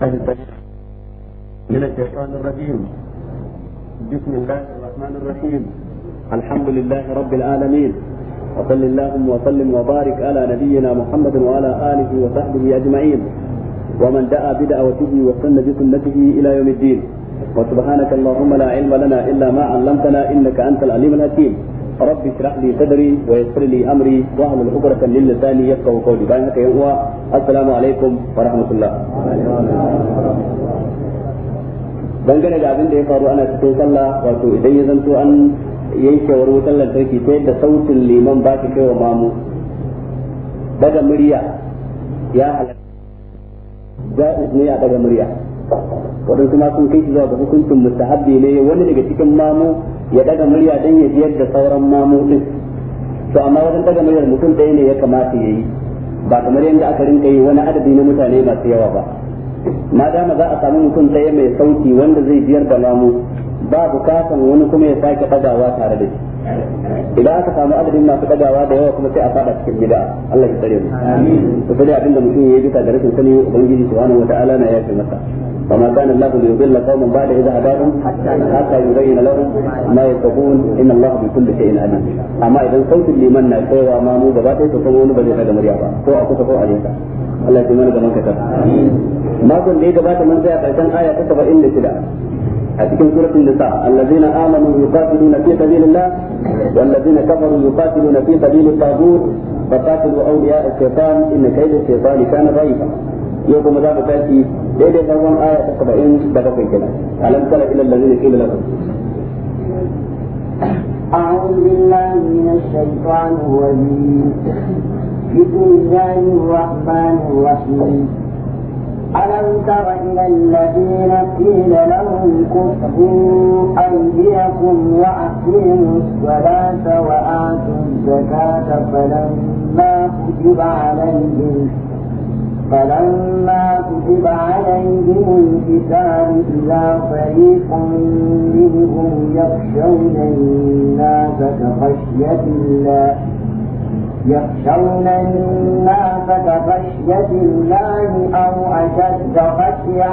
من الشيطان الرجيم بسم الله الرحمن الرحيم الحمد لله رب العالمين وصل اللهم وسلم وبارك على نبينا محمد وعلى اله وصحبه اجمعين ومن دعا بدعوته وسن بسنته الى يوم الدين وسبحانك اللهم لا علم لنا الا ما علمتنا انك انت العليم الحكيم رب اشرح لي صدري ويسر لي امري واحلل عقدة من لساني يفقهوا قولي باين هكا يا السلام عليكم ورحمة الله dangane da abin da ya faru ana cikin sallah wato idan ya zanto an yanke yankewar wutar lantarki ta yadda sautin liman ba ta kaiwa mamu daga murya ya halatta za a ne a daga murya waɗansu ma sun kai zuwa ga hukuncin mustahabbi ne wani daga cikin mamu ya daga murya dan ya biyar da sauran mamutin din to amma wajen daga muryar mutum ɗaya ne ya kamata ya yi ba kamar yadda aka rinka yi wani adadi na mutane masu yawa ba ma dama za a samu mutum ɗaya mai sauki wanda zai biyar da lamu ba bukatan wani kuma ya sake ɗagawa tare da shi idan aka samu adadin masu ɗagawa da yawa kuma sai a faɗa cikin gida Allah ya tsare mu to sai abin da mutum ya yi bisa da rashin sani ubangiji subhanahu wataala na yafe masa وما كان الله ليضل قوما بعد إذا هداهم حتى يبين لهم ما يتقون إن الله بكل شيء عليم أما إذا قلت لمن نسوى ما مو بباته تقومون بني هذا مريابا هو أكو تقوى عليك الله يتمنى من كتب ما كن لي جبات من زيادة عشان آية كتب إلا سلا أتكن سورة النساء الذين آمنوا يقاتلون في سبيل الله والذين كفروا يقاتلون في سبيل الطاغوت فقاتلوا أولياء الشيطان إن كيد الشيطان كان ضعيفا yau kuma za mu tashi daidai farkon aya ta saba'in da bakwai kenan alam tara ila allazina qila lahum أعوذ بالله من الشيطان الرجيم بسم الله الرحمن الرحيم ألم تر إلى الذين قيل لهم كفوا أيديكم وأقيموا الصلاة وآتوا الزكاة فلما كتب عليهم فلما كتب عليهم القتال إذا فريق منهم يخشون الناس كخشية الله يخشون الناس كخشية الله أو أشد خشية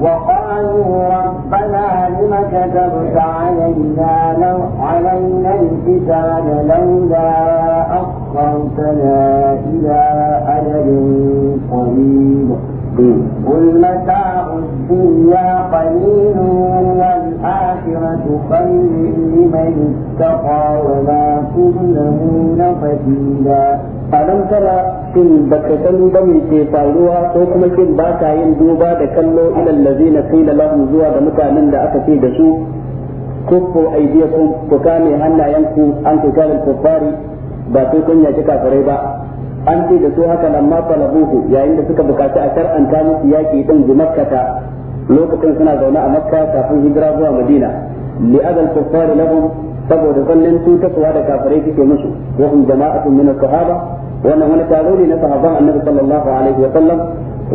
وقالوا ربنا لم كتبت علينا لو علينا القتال لولا أخ أخرتنا إلى أجل قريب قل متاع الدنيا قليل والآخرة خير لمن اتقى وما تظلمون فتيلا ألم ترى shin baka sani ba mai ke faruwa ko kuma shin ba ka yin duba da kallo ilal ladzina qila lahum zuwa ga mutanen da aka ce da su kuffu aydiyakum ku kame hannayenku an tutar kuffari ba sai kunya yaki kafirai ba an ce da su haka lamma talabuhu yayin da suka bukaci a shar'anta musu yaki din bi makkata lokacin suna zaune a makka kafin hijira zuwa madina li'adal kuffar lahum saboda zallan tutarwa da kafirai suke musu wa hum jama'atun min sahaba wannan wani taro ne na sahaban annabi sallallahu alaihi wa sallam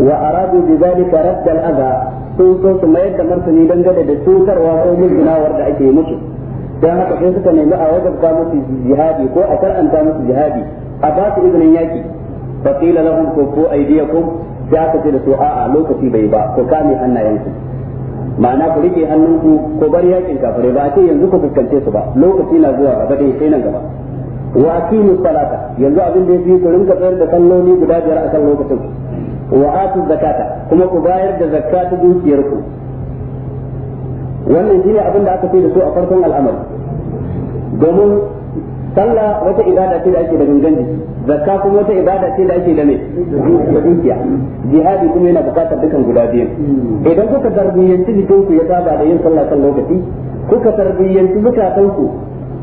wa aradu bi zalika radd al-adha sun so su mayar da martani dangane da tutarwa ko mujinawar da ake musu dan haka sai suka nemi a ka musu jihadi ko a karanta musu jihadi a ba su izinin yaki fa qila lahum kufu aydiyakum sai aka ce da su a'a lokaci bai ba ko kame hannayenku ma'ana ku rike hannunku ko bar yakin kafirai ba a ce yanzu ku fuskance su ba lokaci na zuwa ba dai sai nan gaba wa aqimu salata yanzu abin da yafi ku rinka tsayar da salloli guda biyar akan lokacin wa atu zakata kuma ku bayar da zakatu dukiyarku wannan shine abin da aka ce da su a farkon al'amari domin sallah wata ibada ce da ake da gangan jiki zakka kuma wata ibada ce da ake da mai da dukiya jihadi kuma yana bukatar dukan guda biyu idan kuka tarbiyyanci jikin ku ya saba da yin sallah kan lokaci kuka tarbiyyanci mutakan ku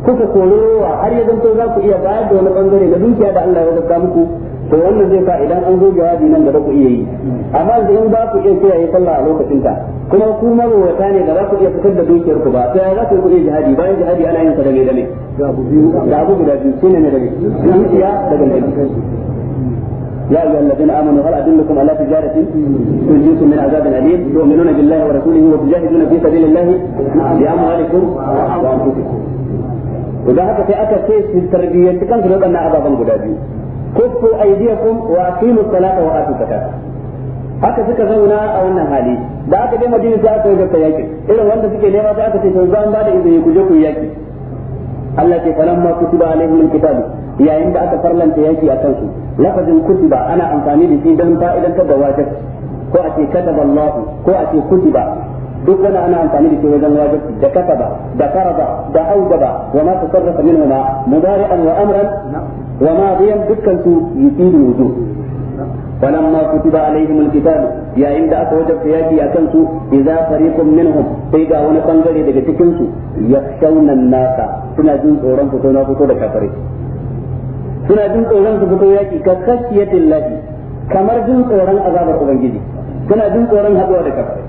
kuka korowa har ya zanto za ku iya bayar da wani bangare na dukiya da Allah ya rubuta muku to wannan zai sa idan an zo jawabi nan gaba ku iya yi amma in ba ku iya kiyaye sallah a lokacin ta kuma ku marwata ne da za ku iya fitar da dukiyar ku ba sai za ku kuɗe jihadi bayan jihadi ana yin sa da mai da mai da abu guda biyu shine ne da mai dukiya daga mai يا أيها الذين آمنوا هل أدلكم على تجارة تنجيكم من عذاب أليم تؤمنون بالله ورسوله وتجاهدون في سبيل الله بأموالكم وأنفسكم وذا هكا في أكا في التربية كان في الوضع أبا بن kuffu aydiyakum wa aqimus salata wa atu zakat haka suka zauna a wannan hali da aka je madina sai aka wajen yakin irin wanda suke nema sai aka ce to zan ba da izini ku je ku yaki Allah ke falamma kutiba alaihim alkitab yayin da aka farlanta yaki a kansu lafazin kutiba ana amfani da shi don idan ta wajibi ko a ce kataba Allah ko a ce kutiba duk wani ana amfani da shi wajen wajibi da kataba da karaba da aujaba wa ma tasarrafa minhu ma mudari'an wa amran wa ma biyan dukkan su yusidu wudu ولما كتب عليهم القتال يا ان ذا وجب ياكي اكن سو اذا فريق منهم sai ga wani bangare daga cikin su yakshawna nasa suna jin tsoron fito na fito da kafare suna jin tsoron su yaki ka kashiyatin lahi kamar jin tsoron azabar ubangiji suna jin tsoron haduwa da kafare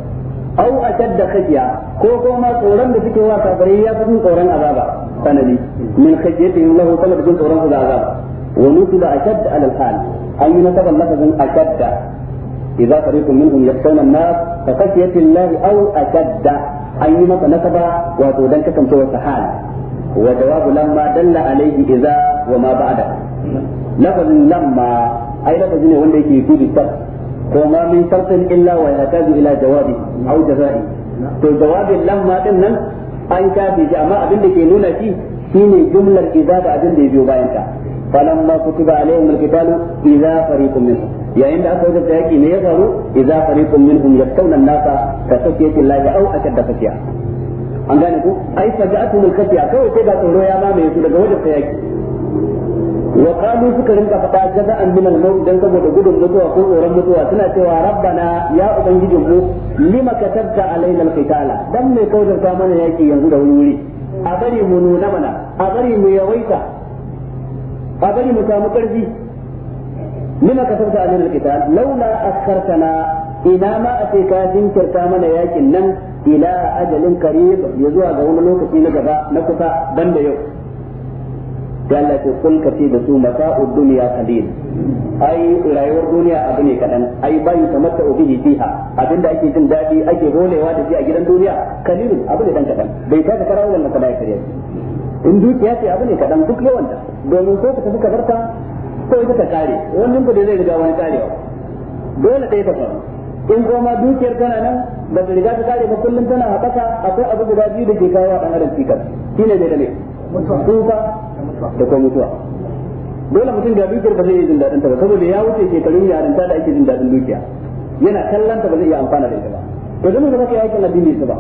au ashadda khashiya ko kuma tsoron da suke wa kafare ya fi tsoron azaba sanadi min khajiyatihim lahu saboda jin tsoron su da azab wa nusila ashadda ala al-hal an yi nasaban lafazin ashadda idza fariqun minhum yakhshawna an-nas fa khashiyati Allah aw ashadda an yi masa nasaba wato dan kasancewar sa hal wa jawabu lamma dalla alayhi idza wa ma ba'da lafazin lamma ai lafazi ne wanda yake gudu ko ma وما من شرط الا ويحتاج الى jawabi او جزائه to jawabin lamma din nan an kafe shi amma abin da ke nuna shi shine jumlar iza da abin da ya biyo bayan ta falamma kutiba alaihim alqitalu iza fariqun minhum yayin da aka wajabta yaki ne ya faru idza fariqun minhum yaktawna an-nasa ka sakiyati llahi aw ashadda fasiya an gane ku ai faja'atul kafiya kawai sai ga tsoro ya mamaye su daga wajen yaki wa qalu suka rinka fada jaza'an min al-maut dan saboda gudun mutuwa ko tsoron mutuwa suna cewa rabbana ya ubangijin mu lima katabta alaina al-qitala dan me kaudar mana yaki yanzu da wuri wuri a bari mu nuna mana a bari mu yawaita a bari mu samu karfi lima katabta alaina al-qital laula akhartana ina ma a ce ka jinkirta mana yakin nan ila ajalin karib ya zuwa ga wani lokaci na gaba na kusa banda yau sai Allah ce kun ka ce da su mata'ud dunya qalil ai rayuwar duniya abu ne kadan ai yi tamatta bihi fiha abinda ake jin dadi ake holewa da shi a gidan duniya qalilun abu ne dan kadan bai ta ka karawo wannan kadai kare in dukiya ce abu ne kadan duk yawanta domin ko ka tafi ka barta ko ita ka kare wannan ku da zai riga wani karewa dole dai ta faru in goma dukiyar tana nan ba ta riga ta kare ba kullum tana haɓaka akwai abu guda biyu da ke kawo a ɗan adam cikar shi ne da ne tsufa da kuma mutuwa dole mutum da dukiyar ba zai yi jin daɗin ta ba saboda ya wuce shekarun yarinta da ake jin daɗin dukiya yana kallon ta ba zai iya amfana da ita ba to zama da baka yakin addini su ba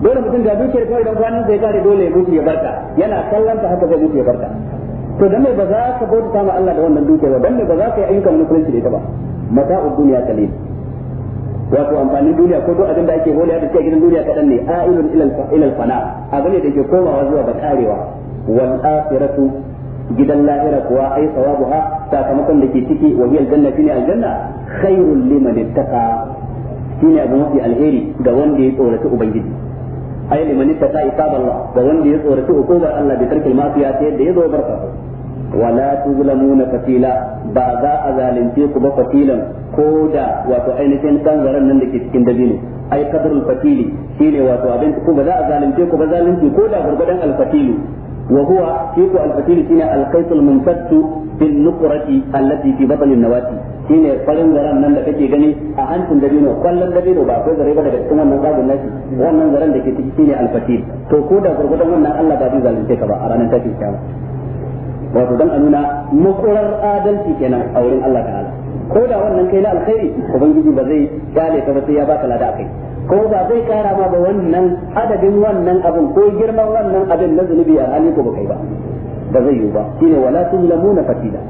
dole mutum da dukiyar kawai dan kwanin sai kare dole ya mutu ya barka yana kallon ta haka zai mutu ya barka to dan ba za ka bauta ma Allah da wannan dukiya ba dan ba za ka yi ayyukan musulunci da ita ba mata'ud dunya kalil wato amfanin duniya ko duk abin da ake holiya da cikin gidan duniya kadan ne a'ilun ilal ilal fana abin da ke komawa zuwa ga karewa wal akhiratu gidan lahira kuwa ai sawabuha sakamakon da ke ciki wa hiya aljanna shine aljanna khairul liman ittaqa shine abu mafi alheri ga wanda ya tsorata ubangiji ai liman ittaqa isaballah ga wanda ya tsorata hukumar Allah bi tarkil mafiya ta yadda ya zo barka wala tuzlamuna fatila ba za a zalunce ku ba fatilan ko da wato ainihin kanzaren nan da ke cikin dabino ai kadrul fatili shine wato abin ku ba za a zalunce ku ba zalunci ko da gurgudan alfatilu wa huwa fiku alfatili shine alqaisul mumtattu bin nuqrati allati fi shine farin garan nan da kake gani a hancin dabino kwallon dabino ba akwai zare ba daga da ke ciki shine to ko da gurgudan wannan Allah ba zalunce ka ba a ranar tashin wato dan a nuna mukurar adalci kenan a wurin Allah ta'ala ko da wannan kai na alkhairi ubangiji ba zai kyale ka ba sai ya baka lada akai ko ba zai kara ma ba wannan adadin wannan abin ko girman wannan abin na zunubi a hali ko ba kai ba ba zai yiwu ba shine wala tuzlamuna fatila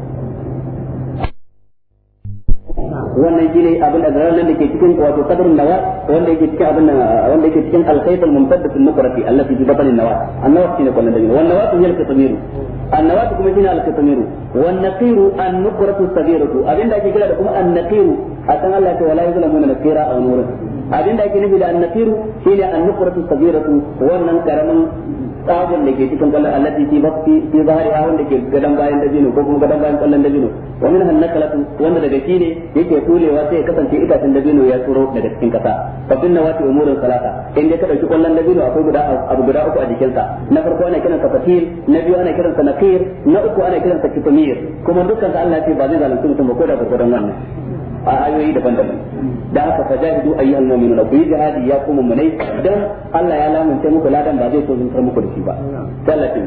wannan shine abin da zarar nan ke cikin wato kadrun nawa wanda yake cikin abin nan wanda yake cikin al-khayt al-mumtadd nukrati allati bi batn an-nawa annawa shine kullun dalil wan nawa hiya al-qatmir an-nawa kuma shine al-qatmir wan naqiru an-nukratu sabiratu abin da ake kira da kuma an-naqiru akan Allah ta wala yuzlamuna nakira aw wurin abinda ake nufi da annasiru shine annukratu sabiratu wannan karamin tsabon da ke cikin kwallon allati fi bakti fi zahariha wanda ke gadan bayan dabino ko kuma gadan bayan kwallon dabino wa min hannakalatu wanda daga shi ne yake tulewa sai ya kasance itacen dabino ya turo daga cikin kasa fa binna wati umurun salata in dai ka dauki kwallon dabino akwai guda abu guda uku a jikinsa na farko ana kiran sa fatil na biyu ana kiran sa na uku ana kiran sa kitmir kuma dukkan Allah ya ce ba zai zalunci mutum ba ko da gurgurdan wannan a ayoyi daban-daban da aka faja hidu a yi hannomi nuna ku jihadi ya kuma mu nai don Allah ya lamunce muku ladan ba zai so zuntar muku da shi ba tallafi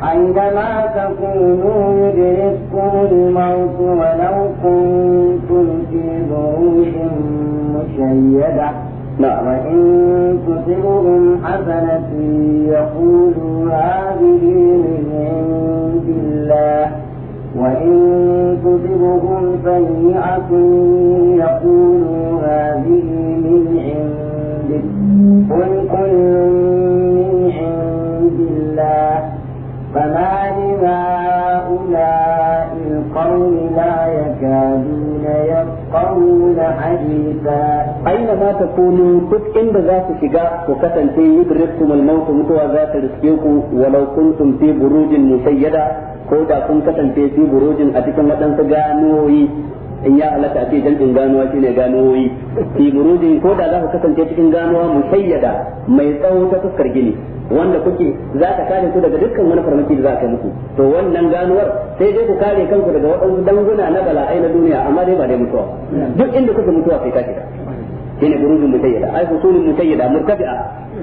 an gama ta kuma nuna da ya kuma mawutu wa na wa in ku tiru kuma وإن تذبهم سيئة يقولوا هذه من عندك قل كل من عند الله فما لما لهؤلاء القوم لا يكادون يفقهون kawuna aiki aina za ta kunu duk inda za su shiga ko kasance yadda raksa malam su mutuwa za su riƙe ku wala kusum fi burujin musai yada ko ba kun kasance fi burodin a cikin waɗansu ganuwoyi. in ya halatta a ce jam'in ganuwa shine ganuwoyi fi burujin ko da za ku kasance cikin ganuwa musayyada mai tsawo ta fuskar gini wanda kuke za ka kare ku daga dukkan wani farmaki da za ka muku to wannan ganuwar sai dai ku kare kanku daga waɗansu danguna na bala'ai na duniya amma dai ba dai mutuwa duk inda kuke mutuwa sai ka shiga shine burujin musayyada ai husulun musayyada murtafi'a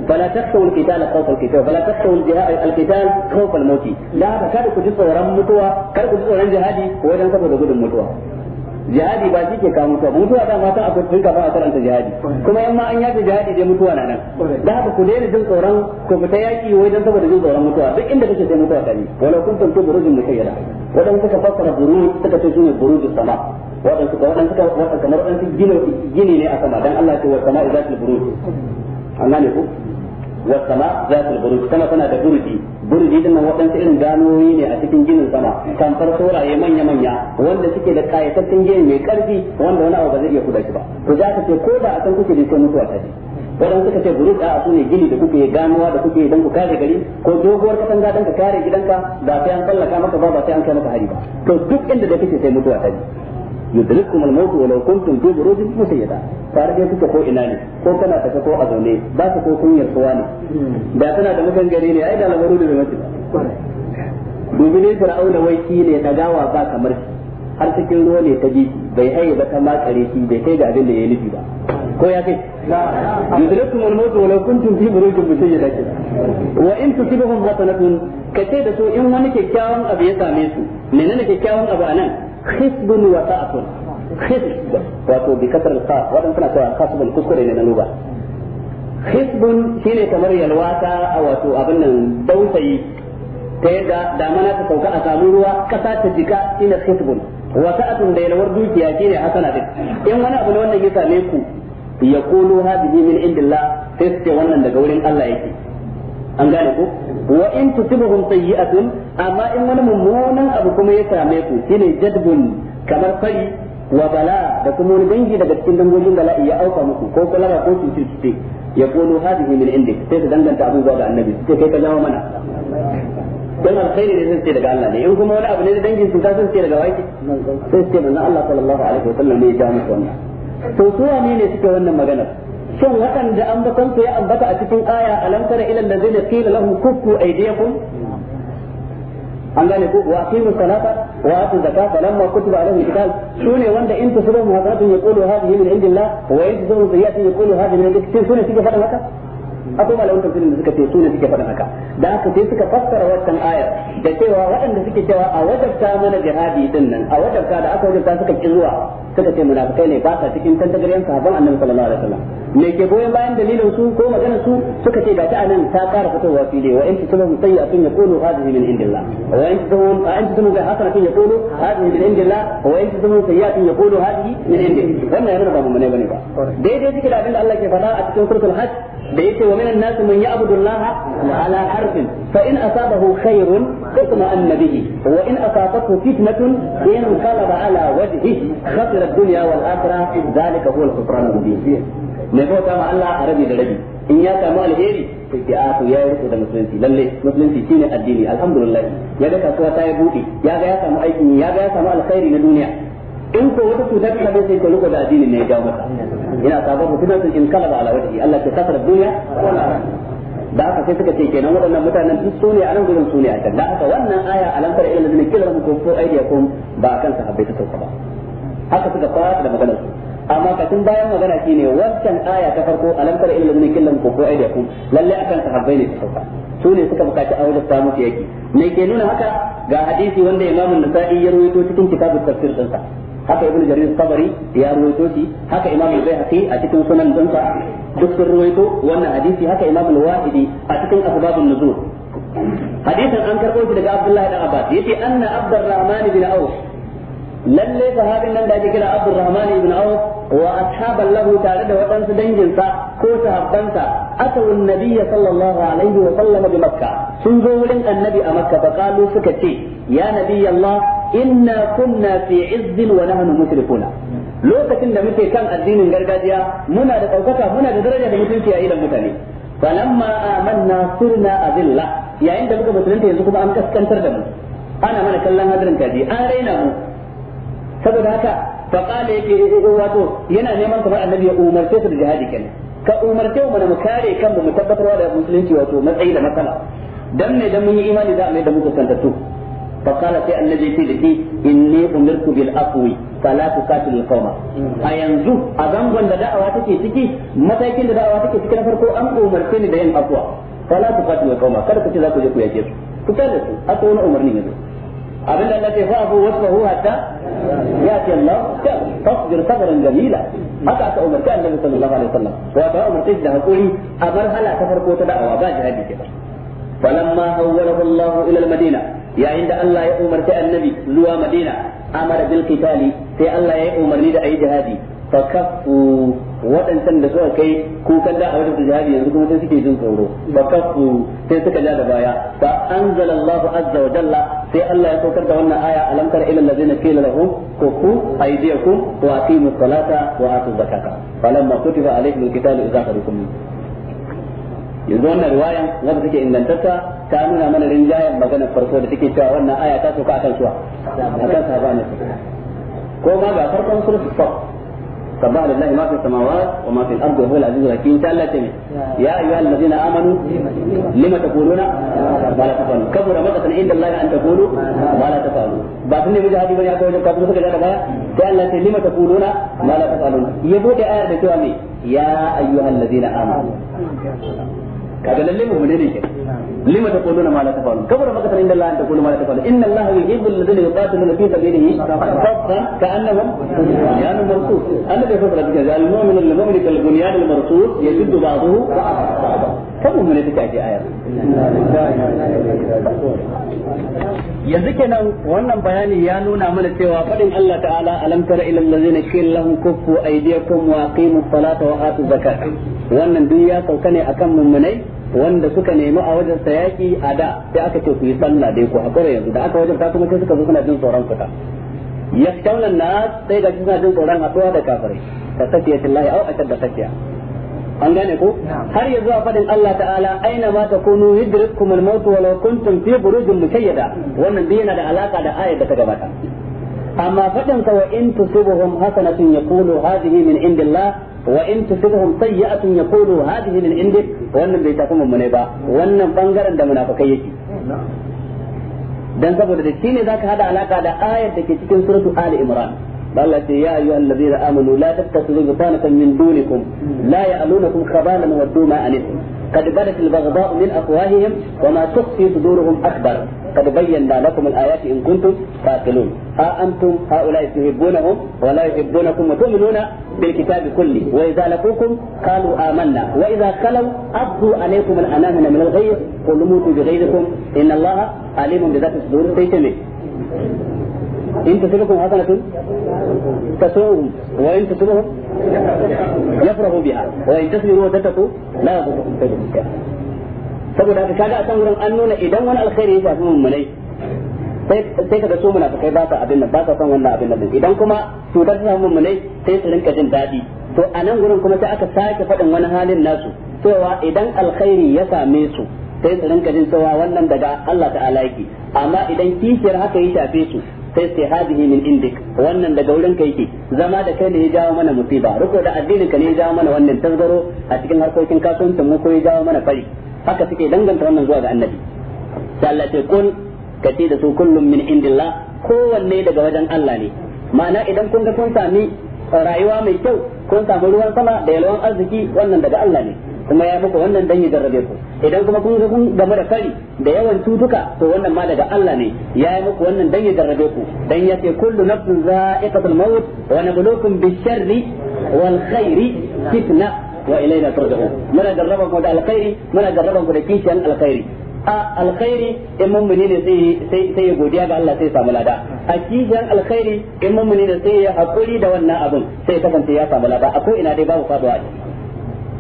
فلا تخشوا القتال خوف القتال فلا تخشوا القتال خوف الموت لا كذا كنت تصوران متوا كذا كنت تصوران جهادي وين سبب gudun mutuwa jihadi ba shi ke kawo mutuwa mutuwa da mata a tun kafin a karanta jihadi kuma yamma an yafi jihadi dai mutuwa na nan da haka ku daina jin tsoron ku fita yaki wai don saboda jin tsoron mutuwa duk inda kake sai mutuwa kare wala kun tantu burujin kayyada wadan suka fassara buruj suka ce shine burujus sama wadan suka wadan suka wadan kamar gina gini ne a sama dan Allah ya ce wa sama'u zatul buruj Allah ne ku wa sama zatul sama tana da burji burji din nan irin ganoyi ne a cikin ginin sama tamfar sauraye manya manya wanda suke da kayatattun gini mai karfi wanda wani abu ba zai iya kuda shi ba to za ka ce ko da san kuke da sai mutuwa ta ce waɗansu suka ce buruj a sune ne gini da kuke ganowa da kuke dan ku kare gari ko doguwar san dan ka kare gidanka ba sai an tsallaka maka ba ba sai an kai maka hari ba to duk inda da kake sai mutuwa ta ce yudrikum al-maut wa law kuntum fi burujin musayyada tare da kuka ko ina ne ko kana tafe ko a zaune ba ka ko kun yarsuwa ne da kana da mutan gari ne ai da lamaru da mace dubi ne fir'auna wai ki ne gawa ba kamar shi har cikin ruwa ne ta ji bai haye ba ta makare shi bai kai ga abin da ya nufi ba ko ya kai yudrikum al-maut wa law kuntum fi burujin musayyada wa in tusibuhum hasanatun kace da su in wani kyakkyawan abu ya same su menene kyakkyawan abu anan خصب وسعة خصب wato bi kasar ka wadan suna cewa kasbun kuskure ne na nuba hisbun a wato abin nan dausayi ta yadda damana ta sauka a samu ruwa kasa ta jika shine hisbun wasa'atun da yalwar dukiya shi ne din in wani abu ne wannan ya same ku ya kulu hadhihi min indillah sai su ce wannan daga wurin Allah yake an gane ko wa in tusibuhum sayyi'atun amma in wani mummunan abu kuma ya same ku shine jadbun kamar fari wa bala da kuma wani dangi daga cikin dangogin bala'i ya auka muku ko kulara ko cuce cuce ya kono hadihi min indik sai ka danganta abu zuwa ga annabi sai kai ka jawo mana dan alkhairi ne zan ce daga Allah ne in kuma wani abu ne da dangin cuta sun ce daga waiki sai ce manzon Allah sallallahu alaihi wasallam ne ya jawo muku wannan to su ne suke wannan maganar shin waɗanda ambaton su ya ambata a cikin aya alam tara ila allazina qila lahum kuffu aydiyakum an gane ko wa aqimu salata wa atu zakata lamma kutiba alaihim qital sune wanda in tusrimu hadatun yaqulu hadhihi min indillah wa in tusrimu sayyi'atin yaqulu hadhihi min indillah sune suke faɗa haka akwai malamin tafsirin da suka ce sune suke faɗin haka da haka sai suka fassara wannan ayar da cewa waɗanda suke cewa a wajabta mana jihadi din nan a wajabta da aka wajabta suka ki zuwa suka ce munafikai ne ba sa cikin tantagariyan sahabban annabi sallallahu alaihi wasallam me ke goyon bayan dalilin su ko maganar su suka ce ga ta nan ta ƙara fitowa fili wa in tusabbu sayyi'atun yaqulu hadhihi min indillah wa in tusabbu an tusabbu ga hasanatun yaqulu hadhihi min indillah wa in tusabbu sayyi'atun yaqulu hadhihi min indillah wannan yana ba mu ne bane ba daidai cikin abin da Allah ke faɗa a cikin suratul hajj da yake wa minan nasu man ya'budu Allah ala harfin fa in asabahu khairun qutma annabihi wa in asabathu fitnatun inqalaba ala wajhihi khasira ad-dunya wal akhirah dhalika huwa al-khusran al-mubin ne ko kama Allah arabi da rabi in ya samu alheri sai ki ato ya riko da musulunci lalle musulunci shine addini alhamdulillah ya ga kasuwa ta ya bude ya ga ya samu aiki ya ga ya samu alkhairi na duniya in ko wata cuta ta haɗe sai ka riko da addini ne ya jawo maka ina sabon mutum in kala ba ala wajhi Allah ta kasar duniya da aka sai suka ce kenan waɗannan mutanen duk su ne a nan gurin su ne a can da aka wannan aya a lantar ilil zini kilar mu ko aidiya kun ba a kan sahabbai ta sauka ba haka suka fara da maganar su amma kafin bayan magana shine wancan aya ta farko a lantar ilil zini kilar mu ko aidiya kun lalle a kan sahabbai ne ta sauka su ne suka bukaci a wajen samu yaki me ke nuna haka ga hadisi wanda imamun nasa'i ya rawaito cikin kitabut tafsir ɗinsa haka ibn jarir sabari ya ruwaito shi haka imamu bayhaqi a cikin sunan dinsa duk sun ruwaito wannan hadisi haka imamu al-wahidi a cikin asbabun nuzul hadisin an karbo shi daga abdullahi dan abbas yace anna abdurrahman bin auf lalle sahabin nan da ake kira abdurrahman ibn auf wa ashaban lahu tare da waɗansu danginsa ko sahabbansa atawu nabiyya sallallahu alaihi wa sallam bi makka sun zo wurin annabi a makka fa qalu suka ce ya nabiyallah inna kunna fi izzin wa nahnu mushrikuna lokacin da muke kan addinin gargajiya muna da daukaka muna da daraja da mutunci a idan mutane falamma amanna sirna azilla yayin da muka musulunta yanzu kuma an kaskantar da mu ana mana kallon hadirin kaji an raina mu saboda haka fa qala yake wato yana neman kamar annabi ya umarce su da jihadi kenan ka umarce mu mu kare kanmu mu tabbatarwa da musulunci wato matsayi da matsala dan ne dan mun yi imani za a mai da mu kaskantattu فقال سي النبي في ذكي إني أمرت بالأقوى فلا تقاتل القوم أينزو أذنبا لدعوة تكي تكي متى يكين لدعوة تكي تكي نفرقو أم أمرتني بين أقوى فلا تقاتل القوم كذا كنت ذاك يجيكو يجيب كتابة أقوى أمرني منه أبن الله فاعه وصفه حتى يأتي الله فاصبر صبرا جميلا haka aka umarci annabi sallallahu alaihi wasallam wato umarci da hakuri a bar hala ta farko ta da'awa ba jihadi kenan falamma hawwalahu Allah ila al-Madina yayin da Allah ya umarta annabi zuwa Madina amara bil qitali sai Allah ya umarni da ayi jihadi fa kaffu waɗancan da suka kai kukan da a wajen jihadi yanzu kuma sai suke jin tsoro fa kaffu sai suka ja da baya fa anzala Allahu azza wa jalla sai Allah ya saukar da wannan aya alam tara ila allazina qila lahum kufu aydiyakum wa aqimus salata wa atuz zakata falamma kutiba alaihim al qitalu idza qadikum yanzu wannan riwayan wanda take ingantatta ta nuna mana rinjayen magana farko da take cewa wannan aya ta soka akan suwa akan sahaba ne ko ma ga farkon suratul saf سبح لله ما في السماوات وما في الارض وهو العزيز الحكيم ان يا ايها الذين امنوا لما تقولون ما لا تفعلون كبر مقتا عند الله ان تقولوا ما لا تفعلون بعدين يجي هذه بني اكو كبر كده بقى الله لما تقولون ما لا تفعلون يبوك ايه ده يا ايها الذين امنوا kaga lalle mu ne لما تقولون ما لا تفعلون كبر مقتا عند الله ان تقولوا ما لا تفعلون ان الله يحب الذين يقاتلون في سبيله صفا كانهم بنيان مرصوص الذي فصل بك المؤمن المؤمن كالبنيان المرصوص يشد بعضه بعضا kan mu ne take aje ayar yanzu kenan wannan bayani ya nuna mana cewa fadin Allah ta'ala alam tara ilal ladzina qila lahum kuffu aydiyakum wa aqimus salata wa atuz zakat wannan duk ya sauka ne akan mummunai wanda suka nemi a wajen sayaki yaki a da sai aka ce ku yi sallah dai ku hakura yanzu da aka wajen ta kuma sai suka zo suna jin tsoron fita yakshawna na sai ga suna jin tsoron haɗuwa da kafirai ka sakiya tillahi au ashadda sakiya an gane ko har ya zuwa fadin Allah ta'ala aina ma kunu yudrikum al-maut walau kuntum fi burujin mushayyada wannan bi yana da alaka da ayar da ta gabata amma fadin ka wa in tusibuhum hasanatun yaqulu hadhihi min indillah wa in tusibuhum sayyi'atun yaqulu hadhihi min indik wannan bai tafi mummune ba wannan bangaren da munafikai yake dan saboda da shine zaka hada alaka da ayar da ke cikin suratu ali imran قال يا أيها الذين آمنوا لا تتخذوا بطانة من دونكم لا يألونكم خبالا ودوا ما أنتم قد بدت البغضاء من أفواههم وما تخفي صدورهم أكبر قد بينا لكم الآيات إن كنتم تعقلون ها أنتم هؤلاء تحبونهم ولا يحبونكم وتؤمنون بالكتاب كله وإذا لقوكم قالوا آمنا وإذا خلوا أبدوا عليكم الأنامل من الغير قل موتوا بغيركم إن الله عليم بذات الصدور سيتمه إن تصبكم حسنة تسوءهم وإن تصبهم يفرحوا بها وإن تصبروا وتتقوا لا يضركم كيدهم saboda haka kaga a san wurin an nuna idan wani alkhairi ya shafi mulai sai kaga su munafikai ba sa abin nan ba sa son wannan abin nan idan kuma cutar ta mun mulai sai su rinka jin daɗi to a nan wurin kuma sai aka sake faɗin wani halin nasu cewa idan alkhairi ya same su sai su rinka jin cewa wannan daga Allah ta'ala yake amma idan kishiyar haka ya shafe su sai sai hadihi min indik wannan daga wurin ka yake zama da kai ne ya jawo mana musiba riko da addinin ka ne ya jawo mana wannan tasgaro a cikin harkokin kasuwancin mu ko ya jawo mana fari haka suke danganta wannan zuwa ga annabi sai Allah kun ka da su kullum min indillah kowanne daga wajen Allah ne ma'ana idan kun ga kun sami rayuwa mai kyau kun samu ruwan sama da yalwan arziki wannan daga Allah ne kuma ya muku wannan dan ya jarrabe ku idan kuma kun ga kun game da kari da yawan cutuka to wannan ma daga Allah ne ya yi muku wannan dan ya jarrabe ku dan ya ce kullu nafsin za'iqatul maut wa nabluukum bish-sharri wal khairi fitna wa ilayna turja'un muna jarraba ku da alkhairi mana jarraba ku da kishiyan alkhairi a alkhairi in mummuni ne sai sai ya godiya ga Allah sai samu lada a kijiyar alkhairi in mummuni ne sai ya hakuri da wannan abin sai ya kasance ya samu lada a ko ina dai babu faduwa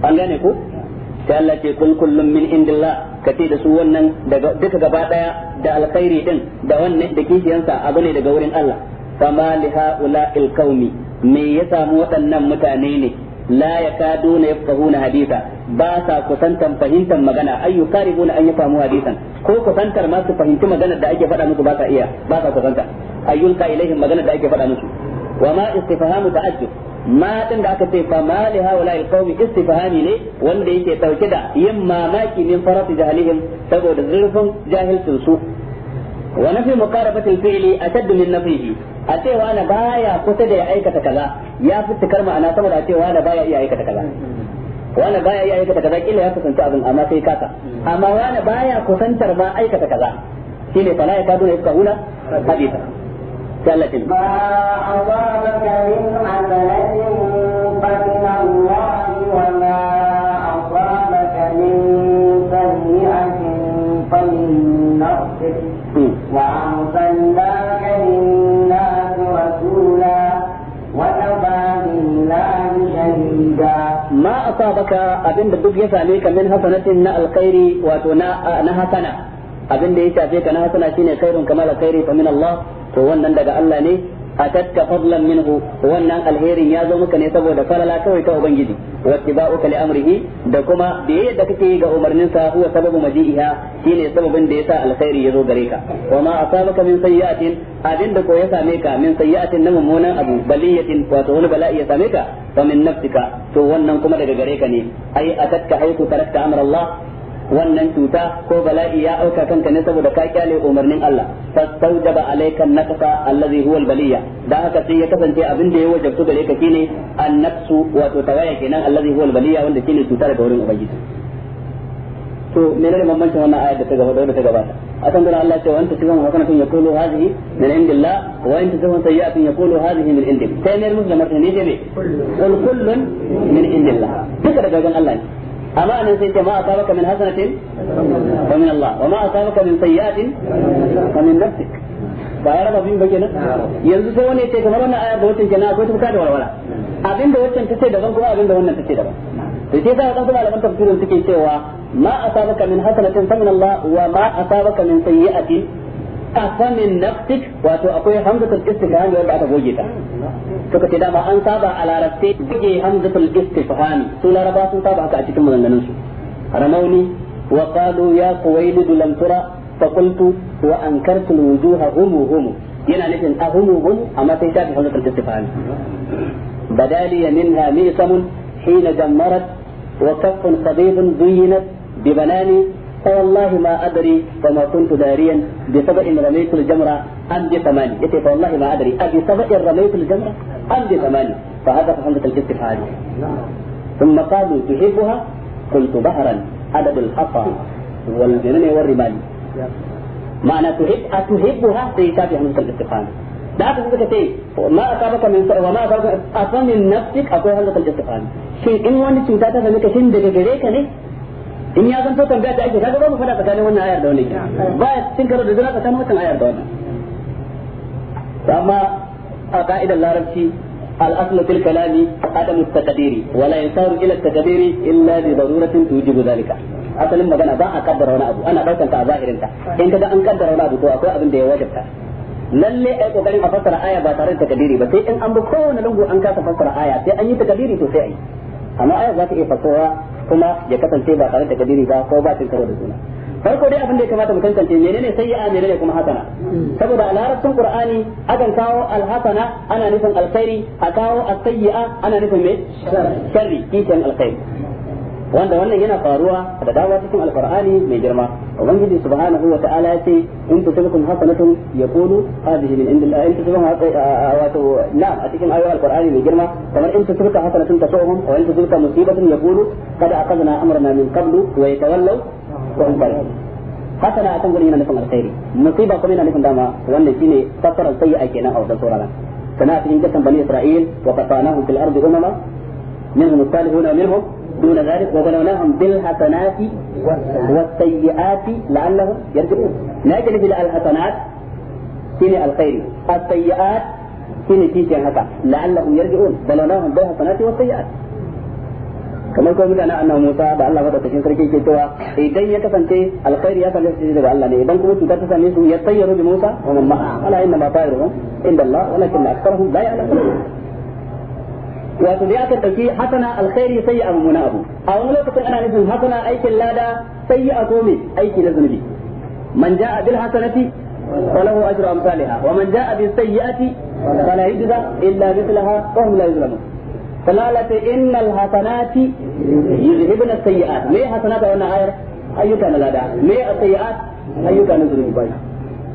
an gane ku. sai Allah ce kul kullum min indillah ka ce da su wannan daga duka gaba daya da alkhairi din da wannan da kishiyansa abu ne daga wurin Allah fama li haula il qaumi me ya samu waɗannan mutane ne la yakaduna yafqahuna haditha ba sa kusantan fahimtar magana ayu karibuna an yafamu hadithan ko kusantar ma su fahimci magana da ake faɗa musu ba sa iya ba sa kusanta ayyuka ilaihim magana da ake faɗa musu wa ma istifhamu ta'ajjub ma din da aka ce fa ma li haula alqawmi istifhami ne wanda yake dauke da yin mamaki min farati jahilihim saboda zurfin jahilcin su wa nafi muqarabati fili ashaddu min nafihi a cewa na baya kusa da ya aikata kaza ya fi cikar ma'ana saboda a cewa na baya iya aikata kaza wani baya iya aikata kaza kila ya kusanci abin amma sai kasa amma wani baya kusantar ma aikata kaza shine fala ya kaduna iska huna hadisa ثلاثة ما أصابك من حسنة فمن الله وما أصابك من سيئة فمن نفسك وأرسلناك للناس رسولا وكفى بالله شهيدا ما أصابك أبن بدك يسألك من حسنة الخير وتنا حسنة abin da ya shafe ka na hasana shine khairun kamala khairi fa min Allah to wannan daga Allah ne atatka fadlan minhu wannan alherin ya zo maka ne saboda falala kawai ta ubangiji wattiba'uka li amrihi da kuma biyayya da kake ga umarnin sa huwa sababu maji'iha shine sababin da yasa alkhairi ya zo gare ka wa ma asabaka min sayyi'atin abin da ko ya same ka min sayyi'atin na mummunan abu baliyatin wato wani bala'i ya same ka fa min nafsika to wannan kuma daga gare ka ne ai atatka haythu tarakta amra Allah wannan cuta ko bala'i ya auka kanka ne saboda ka kyale umarnin Allah fastaujaba alayka an-naqsa allazi huwa al-baliya dan haka sai ya kasance abin da ya wajabtu gare ka shine an-naqsu wato tawaya kenan allazi huwa al-baliya wanda shine cuta daga wurin ubangiji to menene wannan da ta gaba da ta gabata akan Allah ce wa anta tuzamu wa yaqulu hadhihi min indillah wa anta tuzamu yaqulu hadhihi min sai ne musulmi ne ne kullun min indillah duka daga gan Allah ne amma anan sai ce ma asabaka min hasanatin fa min Allah wa ma asabaka min sayyi'atin fa min nafsik ba raba bin ba kenan yanzu sai wani ya ce kamar wannan aya ga wacce kenan akwai tufka da walwala abinda wacce ta ce daban kuma abinda wannan ta ce daban da ke sa kan malaman tafsirin suke cewa ma asabaka min hasanatin fa min Allah wa ma asabaka min sayyi'atin afamin naftik wato akwai hamzatul istifhami wanda aka goge ta suka ce dama an saba a larabce goge hamzatul istifhami su laraba sun saba haka a cikin maganganun su ramauni wa qalu ya quwaylid lam tura fa qultu wa ankartu wujuha humu humu yana nufin ahumu hum amma sai ta hamzatul istifhami badali minha misamun hina jammarat wa kaffun qadidun duyinat ببناني فوالله ما أدري وما كنت داريا بسبب إن رميت الجمرة أم بثمان يتي فوالله ما أدري أبسبب إن رميت الجمرة أم بثمان فهذا حمله الجسد حالي ثم قالوا تحبها قلت بحرا أدب الخطا والجنن والرمال معنى تحب أتحبها في كافي حمزة الاستفهام لا تقول لك وما أصابك من سوء وما أصابك أصاب من نفسك أقول حمزة الاستفهام شيء إن وانت تنتهي فمك شيء بجريك in ya zanto tambaya ta ake kaga ba mu fada tsakanin wannan ayar da wannan ba ya cin karo da juna tsakanin wannan ayar da wannan amma a ka'idar larabci adamu takadiri wala عدم التقدير ولا يصار إلى التقدير إلا بضرورة توجب ذلك أصل ما جانا باع قدر وانا أبو أنا بس أنت ظاهر in أنت an kaddara wani abu to akwai abin da ya wajabta lalle ai kokarin a fassara aya ba tare da takadiri ba sai in an bi kowane lungu an kasa fassara aya sai an yi takadiri to sai ai amma aya za ta iya fassara kuma ya kasance ba tare da kadiri ba ko ba cin da juna farko dai abin da ya kamata mu tantance menene ya menene kuma hasana saboda a larabcin qur'ani akan kawo alhasana ana nufin alkhairi a kawo as-sayyi'a ana nufin me sharri kishin alkhairi wanda wannan yana faruwa da dama cikin alqur'ani mai girma ubangiji subhanahu wa ta'ala yace in tusibukum hasanatun yaqulu hadhihi min in tusibukum wato na a cikin ayoyin alqur'ani mai girma kamar in tusibuka hasanatun tasuhum wa in tusibuka musibatun yaqulu qad aqadna amrana min qablu wa yatawallaw wa hum hasana akan gurin nufin alkhairi musiba kuma dama wannan shine fasarar sayyi'a kenan a wajen saurara sana cikin bani isra'il wa qatanahum fil ardi umama minhum دون ذلك وبلوناهم بالحسنات والسيئات لعلهم يرجعون نجد في الحسنات سنة الخير السيئات سنة تيجي هكا لعلهم يرجعون بلوناهم بالحسنات والسيئات كما قلت أنا أن موسى بأ الله فتح تشين سريكي كتوا إذا يتفنتي الخير يتفن يسجد بأ الله نيبان كمو تتفن يسجد يطير بموسى ومن معه ولا إنما طائرهم عند الله ولكن أكثرهم لا يعلمون wato da aka dauki hasana alkhairi sai a mummuna abu a wani lokacin ana nufin hasana aikin lada sai a kome aiki na zunubi man ja'a bil hasanati falahu ajru amsalha wa man ja'a bis sayyi'ati fala yujza illa mithlaha wa hum la yuzlamun falalata innal hasanati yuzhibna sayyi'at me hasanata wannan ayar ayyuka na lada me as-sayyi'at ayyuka na zunubi bai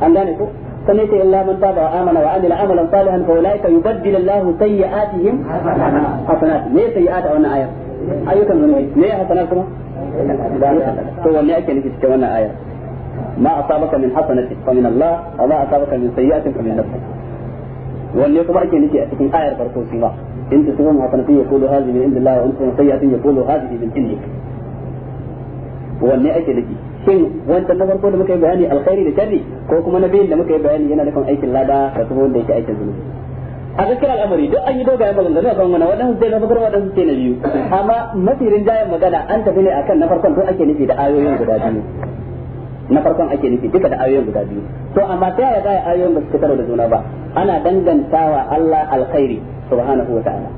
an gane ko سميت الا من تابع آمن وعمل عملا صالحا فأولئك يبدل الله سيئاتهم حسنات ليه سيئات أو آية أي أيوة كان من هي ليه حسنات كما هو ما كان في سكوانا آية ما أصابك من حسنة فمن الله وما أصابك من سيئة فمن نفسك وأن يكون هناك نجي أتكين آية برسول الله إن تسوهم حسنتي يقول هذه من عند الله وإن تسوهم سيئة يقول هذه من عندك هو أن يأتي shin wancan na farko da muka yi bayani alkhairi da sharri ko kuma na biyun da muka yi bayani yana nufin aikin lada da kuma wanda yake aikin zunubi a gaskiyar al'amari duk an yi dogayen maganganu a kan wani waɗansu sai na farko waɗansu sai na biyu amma mafi jayen magana an tafi ne akan na farkon to ake nufi da ayoyin guda biyu na farkon ake nufi duka da ayoyin guda biyu to amma ta yaya zai ayoyin ba su karo da juna ba ana dangantawa Allah alkhairi subhanahu wa ta'ala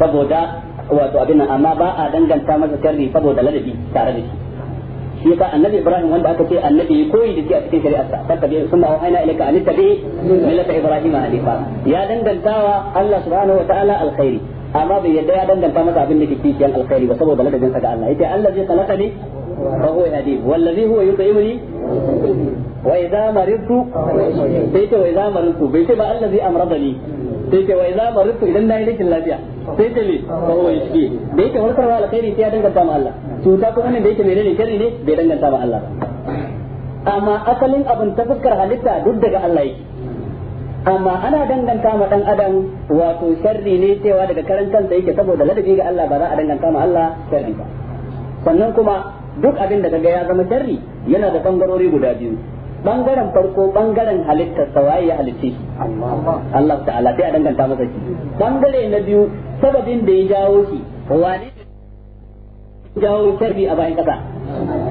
saboda wato abin amma ba a danganta masa sharri saboda ladabi tare da shi shi ka annabi ibrahim wanda aka ce annabi koyi da shi a cikin shari'arsa fakka bi sunna wa hayna ilayka an tabi millata ibrahim hanifa ya dangantawa Allah subhanahu wa ta'ala alkhairi amma bai yadda ya danganta masa abin da ke kishiyan alkhairi ba saboda ladabin sa ga Allah yace Allah zai kalaka ne فهو يهديه والذي هو يطعمني وإذا مرضت سيت وإذا مرضت بيت ما الذي أمرضني سيت وإذا مرضت إذا لا يليك فيها سيت لي فهو يشكي بيت ونصر على خير يتيا دنك قدام الله cuta kuma ne da yake لي shari ne bai danganta ba Allah amma asalin abin ta fuskar amma ana danganta ma dan adam wato sharri ne cewa daga karan kansa yake saboda ladabi ga Allah ba za a danganta ma Allah sharri ba sannan kuma duk abin da kaga ya zama sharri yana da bangarori guda biyu bangaren farko bangaren halittar sawaye ya halitta shi Allah ta'ala sai a danganta masa shi bangare na biyu sababin da ya jawo shi wani jawo sharri a bayan kasa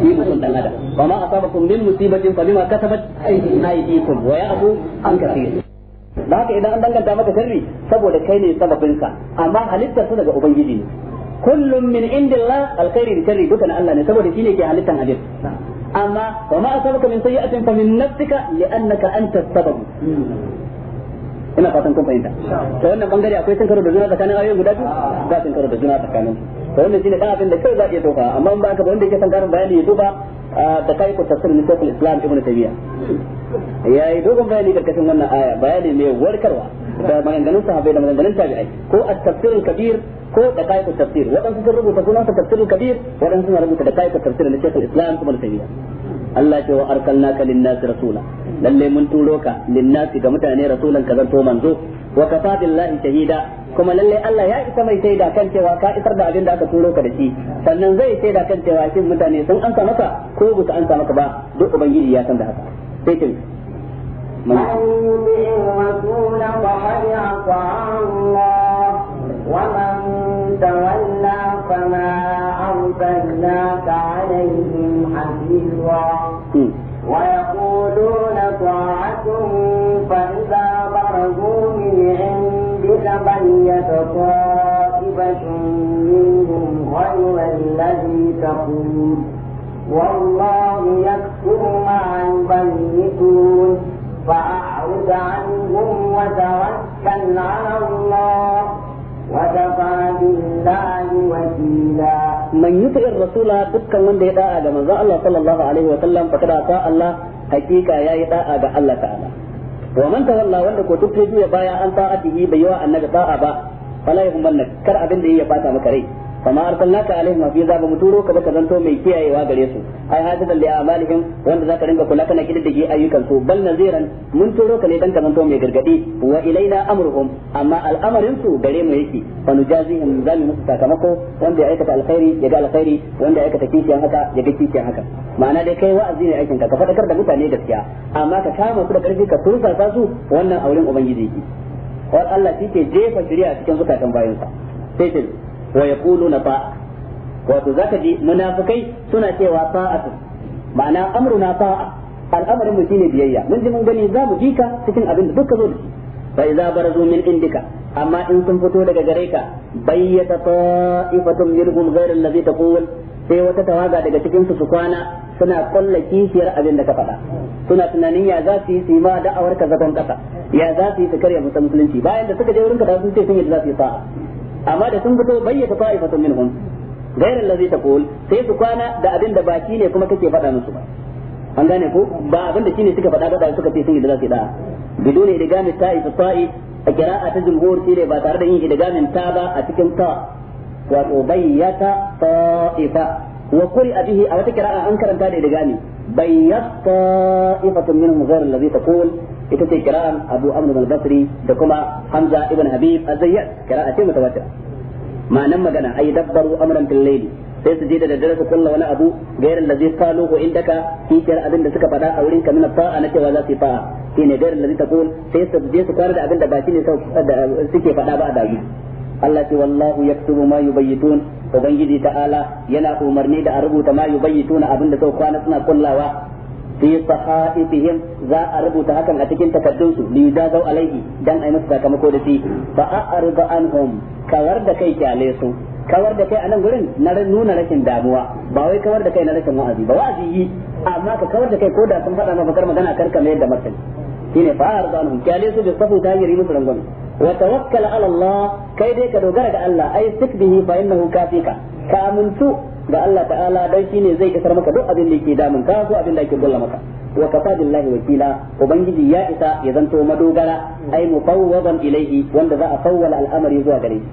shi mutum dan adam ba ma asabakum min musibatin fa bima kasabat aydikum wa ya'fu an kaseer da haka idan an danganta maka sharri saboda kai ne sababin sa amma halittar su daga ubangiji ne kullum min indillah alkhairi da sharri duka na Allah ne saboda shine ke halittan hadis amma wa ma asabaka min sayyi'atin fa min nafsika li'annaka anta sabab ina fatan kun fahimta to wannan bangare akwai sun karo da juna tsakanin ayoyin guda biyu ba sun karo da juna tsakanin to wannan shine dan abin da kai za ka iya doka amma ba ka ba wanda yake san karin bayani ya duba da kai ko tafsir ni Islam Ibn Taymiyyah yayi dogon bayani karkashin wannan aya bayani mai warkarwa da maganganun sahabbai da maganganun tabi'ai ko at-tafsirul kabir ko da kaifin tafsir waɗansu sun rubuta sunansa tafsirul kabir waɗansu sun rubuta da kaifin tafsir na shekul islam kuma da tabi'a Allah ce wa arsalnaka lin-nasi rasula lalle mun turo ka lin-nasi ga mutane rasulan ka zanto manzo wa kafa billahi shahida kuma lalle Allah ya isa mai shaida kan cewa ka isar da abin da aka turo ka da shi sannan zai shaida kan cewa shin mutane sun ansa maka ko ba su ansa maka ba duk ubangiji ya san da haka sai من يطع الرسول فقد عصى الله ومن تولى فما أرسلناك عليهم حفيظا ويقولون طاعة فإذا برزوا من عندك بيت طائفة منهم غير الذي تقول والله يكتب مع البيتون فأعرض عنهم وتوكل على الله وكفى بالله وكيلا من يطع الرسول دكان wanda ya da'a ga manzon Allah sallallahu alaihi wa sallam fa kada ta Allah hakika yayi da'a ga Allah ta'ala wa man tawalla wanda ko duk ya baya an ta'atihi bai yawa annabi da'a ba fala yahum kar ya bata maka rai kamar arsalnaka alaihim za ba mu turo ka ba zanto mai kiyayewa gare su ai hadidan li amalihim wanda zaka rinka kula kana kididdige ayyukan su bal naziran mun turo ka ne dan ka zanto mai gargadi wa ilaina amruhum amma al'amarin su gare mu yake fa nujazihim zalim musu sakamako wanda ya aikata alkhairi ya ga alkhairi wanda ya aikata kishiyan haka ya ga kishiyan haka ma'ana dai kai wa'azi ne aikin ka ka fadakar da mutane gaskiya amma ka kama su da karfi ka tursa su wannan auren ubangiji yake wa Allah shi ke jefa shari'a cikin zukatan bayansa sai wa yaquluna ta'a wato zaka ji munafikai suna cewa ta'atu ma'ana amruna ta'a al'amarin mu shine biyayya mun ji mun gani za mu jika cikin abin da duka zo da shi fa iza barazu min indika amma in sun fito daga gare ka bayyata ta'ifatum yirhum ghayra allazi taqul sai wata tawaga daga cikin su kwana suna kulla kishiyar abin da ka faɗa suna tunanin ya za su yi su ma da'awar ka zagon kasa ya za su yi su karya musulunci bayan da suka je wurin ka sun ce sun yi za su yi sa'a amma da sun fito bayyata ta'ifatun minhum gairar lazi ta kol sai su kwana da abin da ba ne kuma kake faɗa musu ba an gane ko ba abin da shine suka faɗa ba da suka ce sun yi da za su yi da bidone da gamin ta'i su ta'i a kira'a ta jumhur shi ba tare da yin idgamin ta ba a cikin ta wato bayyata ta'ifa wa kuri abihi a wata kira'a an karanta da idgami bayyata ta'ifatun minhum gairar lazi ta kol ita ce kira'an Abu Amr al-Basri da kuma Hamza ibn Habib az-Zayyad kira'a ce mutawatir ma'anan magana ay dabbaru amran fil layli sai su je da daddare su kulla wani abu gairin da zai falo ko inda ka kikiyar abin da suka faɗa a wurin ka fa'a na cewa za su yi fa'a shi ne gairin da zai takul sai su je su kwana da abin da ba shi ne suke faɗa ba a daji Allah ce wallahu yaktubu ma yubayyitun ubangiji ta'ala yana umarni da a rubuta ma yubayyituna abin da suka kwana suna kullawa fi sahaifihim za a rubuta hakan a cikin takaddun su li jazau alaihi dan ai musu sakamako da shi fa anhum kawar da kai kyale su kawar da kai a nan gurin na nuna rashin damuwa ba wai kawar da kai na rashin wa'azi ba wa'azi yi amma ka kawar da kai sun bakar magana karka mai da ala kai dai ka dogara ga Allah ai sikbihi fa ka amuntu ga Allah ta'ala dan ne zai isar maka duk abin da yake damun ka ko abin da yake gulla maka wa kafa billahi wakila ubangiji ya isa ya zanto madogara ai mufawwadan ilaihi wanda za a fawwala al'amari zuwa gare shi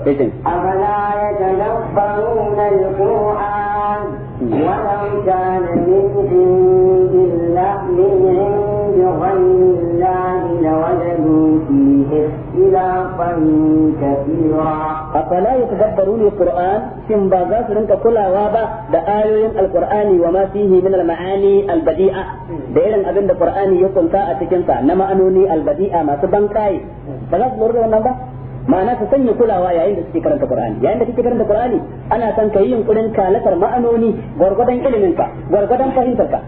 أفلا يتدبرون القرآن ولو كان من عند الله من عند غير الله لوجدوا فيه اختلافا كثيرا afala yatadabbaruna alquran shin ba za su rinka kulawa ba da ayoyin alqur'ani wa ma fihi min albadi'a da irin abin da qur'ani ya kunta a cikin sa na ma'anoni albadi'a masu bankai ba za su lura da wannan ba ma'ana su sanya kulawa yayin da suke karanta Qur'ani yayin da kake karanta Qur'ani ana san ka yi yunkurin kalatar ma'anoni gwargwadon ilimin ka gwargwadon fahimtar ka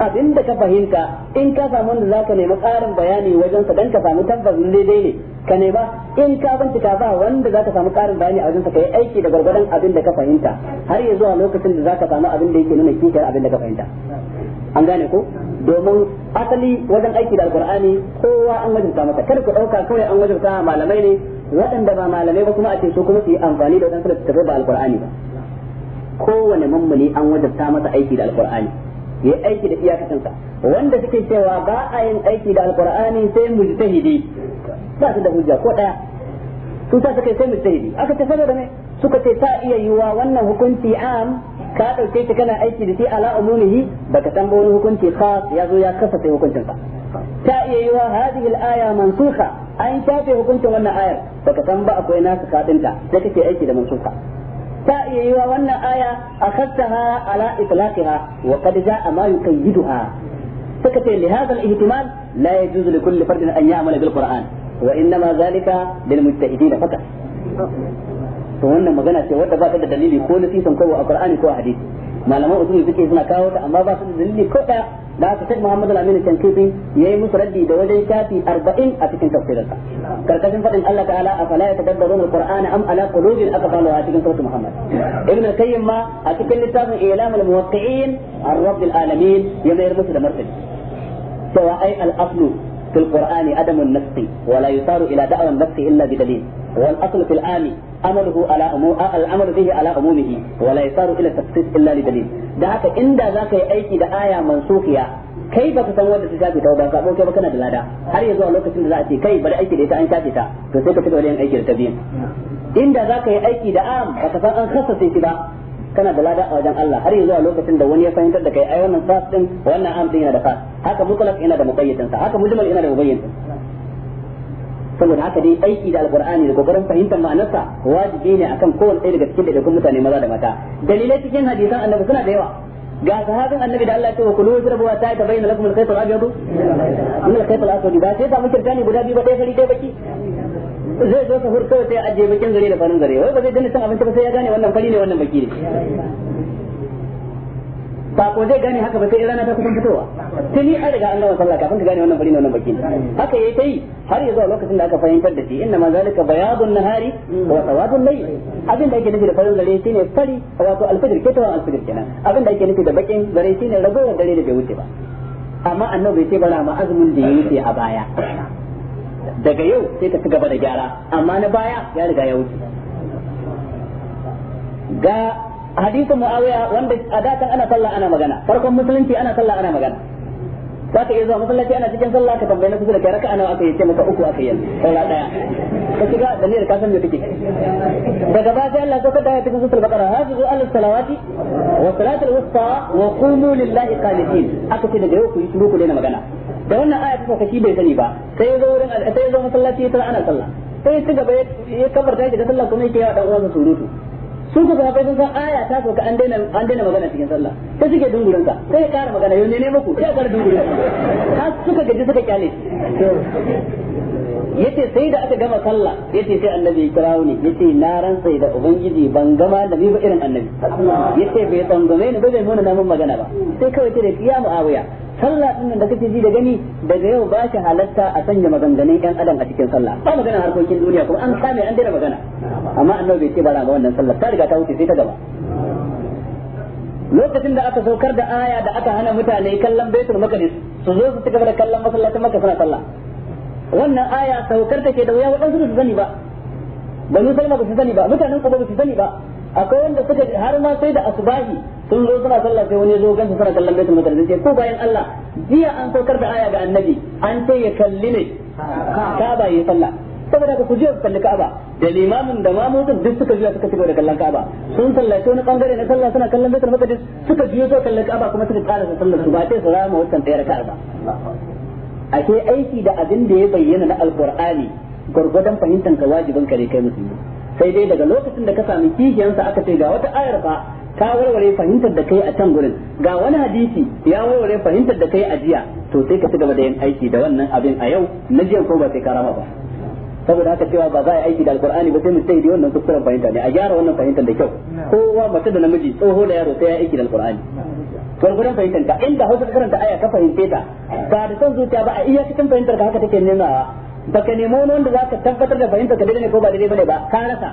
abin da ka fahimta in ka samu wanda za ka nemi ƙarin bayani wajen sa dan ka samu tabbacin daidai ne ka nema in ka bincika ba wanda za ka samu ƙarin bayani a wajen sa kai aiki da gargadon abin da ka fahimta har ya zuwa lokacin da za ka samu abin da yake nuna kishiyar abin da ka fahimta an gane ko domin asali wajen aiki da alkur'ani kowa an wajen masa kada ku ɗauka kawai an wajibta malamai ne waɗanda ba malamai ba kuma a ce su kuma su yi amfani da wajen waɗansu littattafai ba alkur'ani ba kowane mummuni an wajen masa aiki da alkur'ani ya yi aiki da iyakacinsa wanda suke cewa ba a yin aiki da alqur'ani sai mujtahidi ba su da hujja ko daya su ta suka sai mujtahidi aka ce saboda ne suka ce ta iya yiwa wannan hukunci am ka dauke ta kana aiki da shi ala umumihi baka san ba wani hukunci khas ya zo ya kasa sai hukuncin sa ta iya yiwa hadhihi al-aya mansukha an shafe hukuncin wannan ayar baka san ba akwai nasu kadinta sai kake aiki da mansukha ta iya yi wa wannan aya a akhadtaha ala itlaqiha wa qad jaa ma yuqayyiduha suka ce li hadha al-ihtimal la yajuzu li kulli fardin an ya'mala bil qur'an wa innama zalika lil mujtahidin fakat to wannan magana ce wadda ba ta da dalili ko nasisan ko a qur'ani ko a hadisi malaman usuli suke suna kawo ta amma ba su da dalili ko daya da haka sai Muhammad al-Amin Shankifi musu raddi da wajen shafi arba'in a cikin tafsirinsa karkashin fadin Allah ta'ala afala yatadabbarun al-Qur'ana am ala qulubin a cikin surat Muhammad Ibn al ma a cikin littafin Ilam al-Muwaqqi'in ar-Rabb al-Alamin ya mayar musu da martani cewa ai al-aslu في amaluhu ala umu al'amalu bihi ala umumihi wa la yasaru ila tafsis illa li dalil da haka inda zaka yi aiki da aya mansukhiya kai baka san wanda ta shafe ta ba ka kai ba kana da lada har yanzu a lokacin da za a ce kai bari aiki da ita an shafe ta to sai ka ci gaba da yin aiki da ta biyan inda zaka yi aiki da am baka san an khassace shi ba kana da lada a wajen Allah har yanzu a lokacin da wani ya fahimtar da kai ai wannan fas din wannan am din yana da fas haka mutlaq yana da muqayyadin sa haka mujmal yana da mubayyin saboda haka dai aiki da alqur'ani da kokarin fahimtar ma'anarsa wajibi ne akan kowanne ɗaya daga cikin ɗaiɗaikun mutane maza da mata dalilai cikin hadisan annabi suna da yawa ga sahabin annabi da Allah ya ce wa kullu wajrabu wa ta'ata bayyana lakum al-khayt al-abyad min al-khayt al-aswad ba sai ta muke gani guda biyu ba dai fari dai baki zai zo sa kawai sai ajiye bakin gare da farin gari wai ba zai gane san abinci ba sai ya gane wannan fari ne wannan baki ne ba ko zai gane haka ba sai rana ta kusan fitowa tuni an riga an gama sallah kafin ka gane wannan fari ne wannan baki haka yayi tai har ya zuwa lokacin da aka fahimtar da shi inna ma zalika bayadun nahari wa sawadun layl abin da yake nufi da farin gare shine fari wato alfajr ke tawa alfajr kenan abin da yake nufi da bakin gare shine ragowar dare da bai wuce ba amma annabi sai bara ma azumin da ya wuce a baya daga yau sai ka ci gaba da gyara amma na baya ya riga ya wuce ga hadisin muawiya wanda a da ana sallah ana magana farkon musulunci ana sallah ana magana za ka iya zuwa ana cikin sallah ka tambaye na kusa da kai raka'a nawa aka yi ce maka uku aka yi sallah daya ka shiga da ne da ka san me kake daga baya sai Allah saka daya cikin suratul baqara hafizu alal salawati wa salatul wusta wa qumu lillahi qanitin aka ce daga yau ku yi shiru ku daina magana da wannan aya ta saka shi bai sani ba sai ya zo wurin sai ya zo ya ana sallah sai ya ci gaba ya kabarta shi da sallah kuma yake yawa dan uwansa surutu sun ku sahabbai sun san aya ta sauka an daina an daina magana cikin sallah sai suke dungurin ka sai ya kara magana yau ne ne muku sai ya kara dungurin ka suka gaji suka kyale yace sai da aka gama sallah yace sai annabi ya kirawo ne yace na rantsai da ubangiji ban gama da ba irin annabi yace bai tsangwame ni ba bai nuna namun magana ba sai kawai ce da ya mu'awiya sallah din nan da kake ji da gani daga yau ba shi halatta a sanya maganganun yan adam a cikin sallah ba magana harkokin duniya kuma an kame an daina magana amma annabi bai ce ba ga wannan sallah ta riga ta wuce sai ta gaba lokacin da aka saukar da aya da aka hana mutane kallon baitul maqdis su zo su cigaba da kallon masallacin makka suna sallah wannan aya saukar take da wuya waɗansu su sani ba Ba banu salma ba su sani ba mutanen kuba ba su sani ba akwai wanda suka har ma sai da asubahi sun zo suna sallah sai wani zo gansu suna kallon baitul maqdis sai ko bayan Allah jiya an saukar da aya ga annabi an ce ya kalli ne ka'aba yi sallah saboda ka kujiyar kalli ka'aba da limamin da mamudin duk suka jiya suka cigaba da kallon ka'aba sun sai wani bangare na sallah suna kallon baitul maqdis suka juyo suka kalli ka'aba kuma suka ƙara sallar su ba sai su rama wannan tsayar ka'aba Ake aiki da abin da ya bayyana na alqur'ani gurgudan fahimtanka wajibin ka ne kai musulmi sai dai daga lokacin da ka sami kishiyansa aka ce ga wata ayar fa ta warware fahimtar da kai a can gurin ga wani hadisi ya warware fahimtar da kai a jiya to sai ka ci gaba da yin aiki da wannan abin a yau na jiya ko ba sai ka rama ba saboda haka cewa ba za a yi aiki da alkur'ani ba sai mu sai wannan kuskuren fahimta ne a gyara wannan fahimtar da kyau kowa mace da namiji tsoho da yaro sai ya aiki da alkur'ani gwargwadon fahimtar ka inda hausa ka karanta aya ka fahimce ta ba da son zuciya ba a iya cikin fahimtar ka haka take nuna. baka nemo wani wanda ka tabbatar da fahimta ka daidai ne ko ba daidai bane ba ka rasa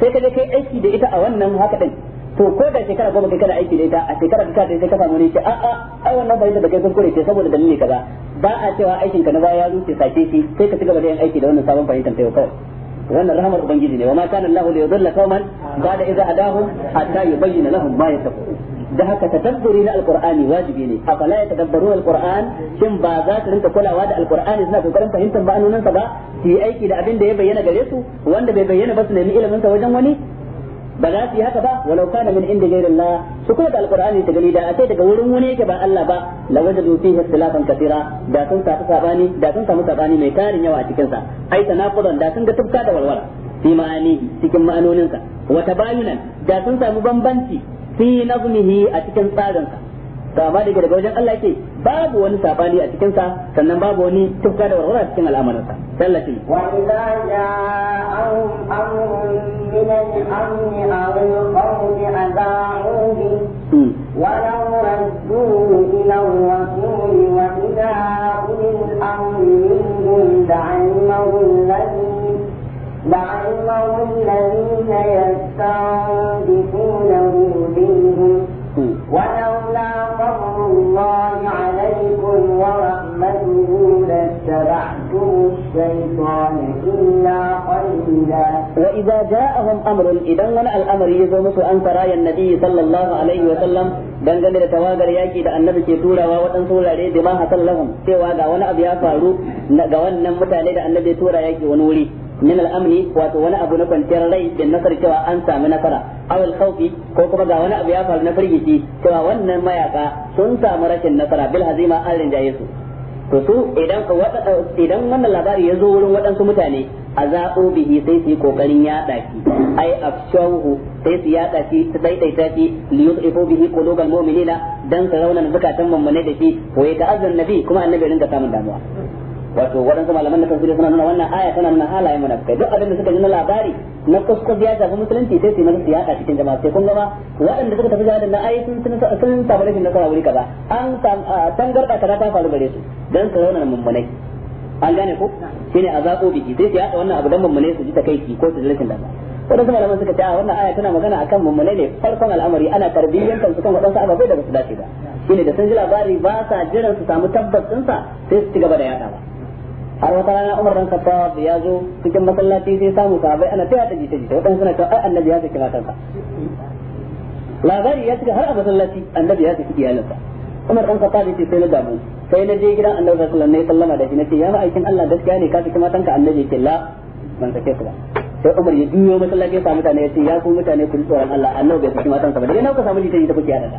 sai ka je kai aiki da ita a wannan haka din to ko da shekara goma kai kana aiki da ita a shekara ka da sai ka samu ne ce a a ai wannan fahimta da kai kure ce saboda dalili kaza ba a cewa aikin ka na baya ya rufe sake shi sai ka ci gaba da yin aiki da wannan sabon fahimtar ta yau kawai wannan rahmar ubangiji ne wa ma kana Allahu li yudilla qauman ba'da idza hadahum hatta yubayyana lahum ma yattaqun da haka tadabburi na alqur'ani wajibi ne afala ya tadabbaru alqur'an shin ba za su rinka kulawa da alqur'ani suna kokarin fahimtar ma'anonin sa ba ki yi aiki da abin da ya bayyana gare su wanda bai bayyana ba su nemi ilimin sa wajen wani ba za su yi haka ba walau kana min inda ghayri Allah su kula da alqur'ani ta gani da a ce daga wurin wani yake ba Allah ba la wajadu fihi ikhtilafan katira da sun samu sabani da sun samu sabani mai tarin yawa a cikin sa ai tanaqudan da sun ga tufka da walwala fi ma'ani cikin ma'anonin sa wa tabayunan da sun samu bambanci fi nazmihi a cikin tsarin ka kama daga daga wajen Allah yake babu wani sabani a cikin sa sannan babu wani tufka da warwara cikin al'amarin sa sallati wa idza amrun لعلهم الذين يستنبطونه منهم ولولا فضل الله عليكم ورحمته لاتبعتم الشيطان إلا قليلا وإذا جاءهم أمر إذا ونأى الأمر يزومس أن ترى النبي صلى الله عليه وسلم dangane da tawagar yaki da annabi ke turawa waɗansu wurare da ma hasan lahum cewa ga wani abu ya faru ga wannan mutane da annabi tura yaki wani wuri min al-amni wato wani abu na kwanciyar rai da nasar cewa an sami nasara aw al-khawfi ko kuma ga wani abu ya faru na firgici cewa wannan mayaka sun samu rashin nasara bil hazima an rinjaye su to su idan idan wannan labari ya zo wurin waɗansu mutane a zaɓo bihi sai su yi ƙoƙarin yaɗa shi ai afshahu sai su ya shi su ɗaiɗaita shi li yusrifu bihi qulubal mu'minina dan su raunana zakatan mummune da shi wa yata'azzan nabi kuma annabi rinka samun damuwa wato waɗansu malaman da tafsiri suna nuna wannan aya tana nuna halayen munafikai duk abin da suka ji na labari na kuskus ya shafi musulunci sai su yi masa siyasa cikin jama'a sai kun gama waɗanda suka tafi jihadin na ayi sun sun sun samu rashin nasara wuri kaza an san garɗa kaza ta faru gare su dan su raunana mummunai an gane ko shine a zaƙo biki sai su yaɗa wannan abu dan mummunai su ji ta takaici ko su ji rashin dama wadansu malaman suka ce a wannan aya tana magana akan mummunai ne farkon al'amari ana tarbiyyar kansu kan waɗansu ababai da ba su dace ba shine da sun ji labari ba sa jiran su samu tabbacin sa sai su ci gaba da yaɗawa har wata rana Umar dan Khattab ya zo cikin masallaci sai samu bai ana taya ta jita jita wadansu suna cewa ai annabi ya saki matansa labari ya shiga har a masallaci annabi ya saki iyalinsa Umar dan Khattab yace sai na damu sai na je gidan Annabi sallallahu alaihi wasallam da shi nace ya aikin Allah gaskiya ne ka saki matanka annabi yake la ban sake su ba sai Umar ya duyo masallaci ya samu mutane ce ya ku mutane ku tsoron Allah annabi ya saki matanka ba dai na ku samu jita jita kuke da.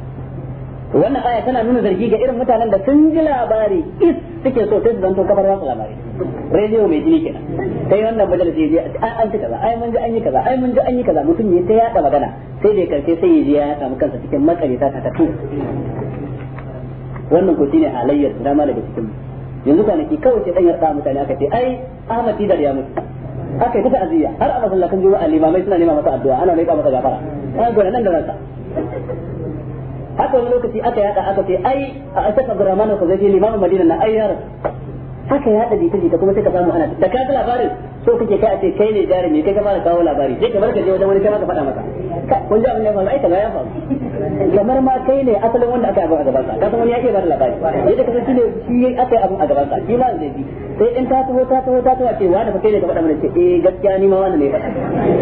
wannan aya tana nuna zargi ga irin mutanen da sun ji labari is suke so sai su zanto kafar wasu labari rediyo mai jini kenan sai wannan majalisi sai je an ci kaza ai mun ji an yi kaza ai mun ji an yi kaza mutum ne sai ya yada magana sai da karshe sai ya je ya samu kansa cikin matsari ta tafi wannan ko shine halayyar ma daga cikin yanzu kwanaki kawai sai dan yarda mutane aka ce ai Ahmad Tidar ya mutu aka yi ta aziya har a masallakan juma'a limamai suna nema masa addu'a ana ne ba masa gafara an gona nan da nan haka wani lokaci aka yada aka ce ai a asaka guramanin ku zai limamin madina na ai yaron haka ya da jita jita kuma sai ka samu ana da ka labarin so kake kai a ce kai ne ne kai ka fara kawo labari sai ka barka je wajen wani kai ka faɗa maka kun ji abin da ya faru ai kaza ya faru kamar ma kai ne asalin wanda aka yi a gaban sa ka san wani ya iya bada labari yadda ka san shi ne aka yi abin a gaban sa shi ma zai bi sai in ta taho ta taho ta taho ce wani fa kai ne ka faɗa mana ce eh gaskiya ni ma wani ne faɗa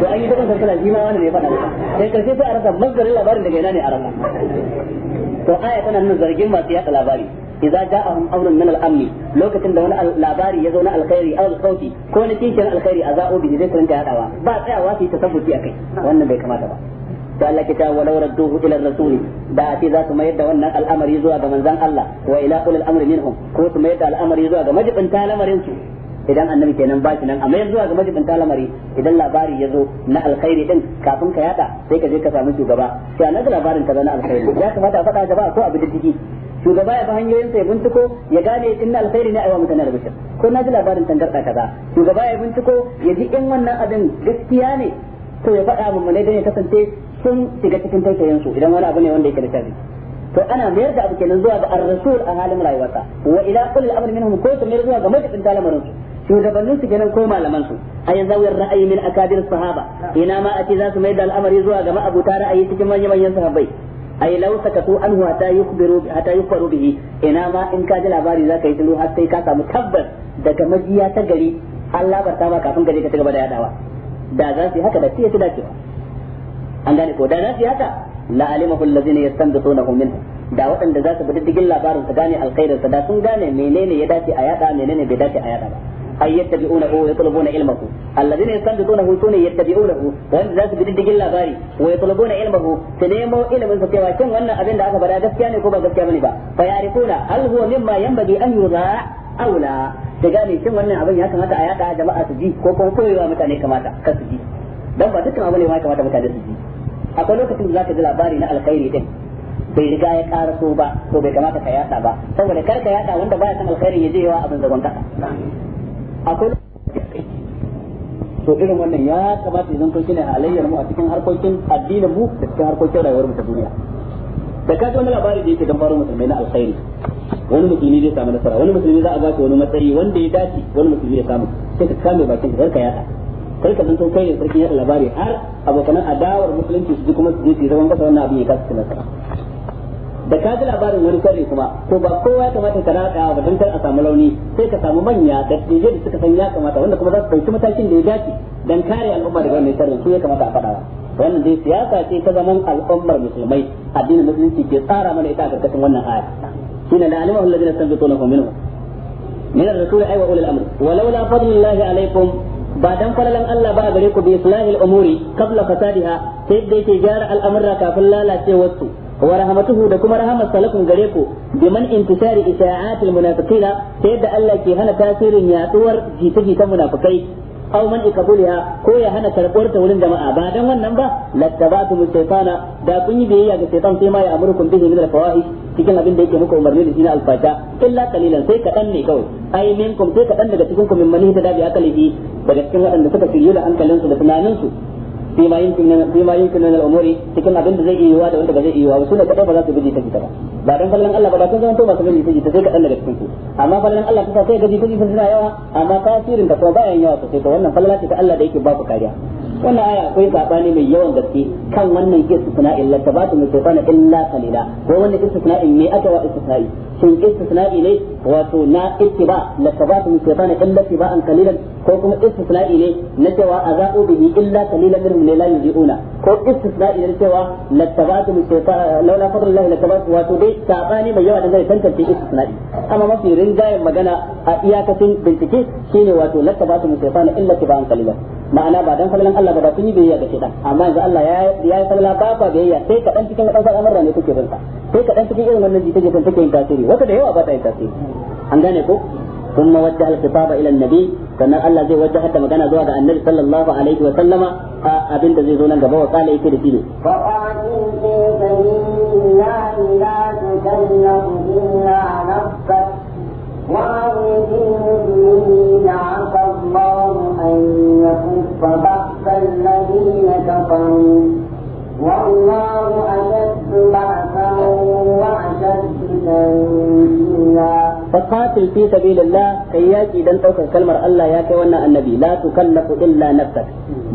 to an yi gaban sarkala ni ma wani ne faɗa sai karshe sai a rasa mazgarin labarin daga ina ne a rasa to aya tana nuna zargin masu yaɗa labari إذا جاءهم أمر من الأمن لو كتن دون الأباري يزون الخير أو الخوف كون تيشن الخير أذاؤوا به ذكر كهدوا بعد أواتي تثبت يأكي وأن بيكما تبا da Allah ke cewa walau radduhu ila rasuli da ake za su mayar da wannan al'amari zuwa ga manzon Allah wa ila ulil amri minhum ko su mayar da al'amari zuwa ga majibinta lamarin su idan annabi kenan ba shi nan amma yanzu zuwa ga majibinta lamari idan labari ya zo na alkhairi din kafin ka yada sai ka je ka samu shugaba sai annabi labarin kaza na alkhairi ya kamata a faɗa gaba ko abu da ciki shugaba ya bi hanyoyin sa ya binciko ya gane inna alkhairi ne aiwa mutane rubuta ko na ji labarin tangarda kaza shugaba ya binciko ya ji in wannan abin gaskiya ne to ya faɗa mun ne dan ya kasance sun shiga cikin taitayin idan wani abu ne wanda yake da sharri to ana mayar da abu kenan zuwa ga ar-rasul a halin rayuwarsa wa ila al amr minhum ko su mayar zuwa ga majalisin talamarin su shugabannin su kenan ko malaman su a yanzu wayar ra'ayi min akabir sahaba ina ma ati za su mayar da al'amari zuwa ga ma'abuta ra'ayi cikin manyan manyan sahabbai ai law sakatu anhu hatta yukhbiru hatta yukhbaru bihi ina ma in ka ji labari zaka yi tulu har sai ka samu tabbas daga majiya ta gari Allah barka ta ba kafin gari ka ci gaba da yadawa da za su yi haka da ce ta dacewa an gane ko da na su haka la alimahu allazina yastanbitunahu minhu da waɗanda za su bi diddigin labarin su gane alkhairin sa da sun gane menene ya dace a yada menene bai dace a yada ba ay yattabi'unahu wa yatlubuna ilmahu allazina yastanbitunahu sune yattabi'unahu wanda za su bi diddigin labari wa yatlubuna ilmahu su nemo ilmin sa cewa kin wannan abin da aka bada gaskiya ne ko ba gaskiya bane ba fa yarifuna hal huwa mimma yanbaghi an yudha aula da gane kin wannan abin ya kamata a yada jama'a su ji ko kuma koyewa mutane kamata ka su ji dan ba dukkan abu ne ma kamata mutane su ji akwai lokacin da ka ji labari na alkhairi din bai riga ya karaso ba to bai kamata ka yada ba saboda kar ka yada wanda baya san alkhairin ya je yawa abin zagon kasa akwai to irin wannan ya kamata idan kun kina halayyar mu a cikin harkokin addinin mu da cikin harkokin rayuwar mu ta duniya da ka wani labari da yake gambaro musulmai na alkhairi wani musulmi zai samu nasara wani musulmi za a ba wani matsayi wanda ya dace wani musulmi ya samu sai ka kame bakin ka yada kai ka zanto kai ne sarkin yada labari har abokan adawar musulunci su ji kuma su je su zaman kasa wannan abin ya kasu nasara da ka ji labarin wani kare kuma to ba kowa ya kamata ka ratsa ba dan kar a samu launi sai ka samu manya da tije da suka san ya kamata wanda kuma za su da matakin da ya dace dan kare al'umma daga wannan sharri su ya kamata a faɗa wannan dai siyasa ce ta zaman al'ummar musulmai addinin musulunci ke tsara mana ita a karkashin wannan aya shine la alimahu alladhina sanbitunahu minhu min ar-rasuli ay wa ulil amri walaula fadlullahi alaikum ba dan falalan Allah ba a gare ku bi islahil umuri qabla fasadiha sai da yake gyara al'amurra kafin lalacewar su wa rahmatuhu da kuma rahamar salakun gare ku bi man intishari isha'atil munafiqina sai da Allah ke hana tasirin yaduwar jita jita munafikai aw man ikabuliha ko ya hana karbuwar ta wurin jama'a ba dan wannan ba lattaba'tum shaytana da kun yi biyayya ga shaytan sai ma ya amurkum bihi min al-fawahish cikin abin da yake muku umarni da shi na alfata illa qalilan sai kadan ne kawai ai minkum sai kadan daga cikin ku min mani da bi akalihi daga cikin waɗanda suka shirye da hankalinsu da su فيما يمكن من فيما يمكن cikin abin da zai iya yiwa da wanda ba zai iya ba za su gaji ta jita ba ba dan fallan Allah ba da kun zama to ba gaji ta jita kadan daga cikin ku amma fallan Allah kusa sai gaji ta jita suna ta kuma bayan yawa sosai wannan ta Allah da yake ba kariya wannan aya akwai sabani mai yawan gaske kan wannan istisna illa tabatu min shaytan illa qalila ko wannan istisna in me aka wa istisna'i shin istisna'i ne wato na ittiba la tabatu min shaytan illa tiba'an qalilan ko kuma istisna'i ne na cewa azau bihi illa qalilan minhum la yuzi'una ko istisna'i ne cewa la tabatu min shaytan laula fadlullahi la tabatu wato dai sabani mai yawa da zai tantance istisna'i amma mafi ringayen magana a iyakacin bincike shine wato la tabatu min shaytan illa tiba'an qalilan ma'ana ba dan falalan Allah ba da kun yi biyayya da shedan amma yanzu Allah ya ya yi falala ba ba biyayya sai ka dan cikin wadansu al'amura ne kuke bin sa sai ka dan cikin irin wannan jita jitan take yin tasiri wata da yawa ba ta yin tasiri an gane ko ثم وجه الخطاب الى النبي sannan Allah zai wajahar da magana zuwa ga annabi sallallahu alaihi wa sallama a abin da zai zo nan gaba wa kala yake da shi ne فقاتل في سبيل الله لا تكلف وعظ المؤمنين عسى الله أن يكف ɗaukar kalmar Allah ya kai wannan annabi la tukallafu illa nafsak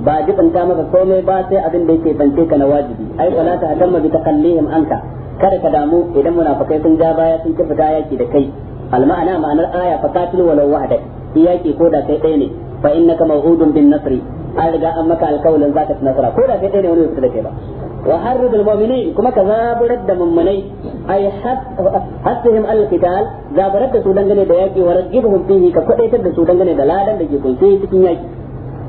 ba jibanta maka komai ba sai abin da yake bance ka na wajibi ai wala ta tamma bi takallihim anka kada ka damu idan munafikai sun ja baya sun ki fita yaki da kai al-ma'ana ma'anar aya fa qatil walau wahdak iyaki ko da kai ɗaya ne fa innaka maw'udun bin nasri an riga an maka alƙawalin zaka ci nasara ko da kai ɗaya ne wani bai da kai ba wa harridul mu'minin kuma ka zaburar da mummunai a hasihim al-qital zaburar da su dangane da yaki wa rajibhum ka kwadaitar da su dangane da ladan da ke kunce cikin yaki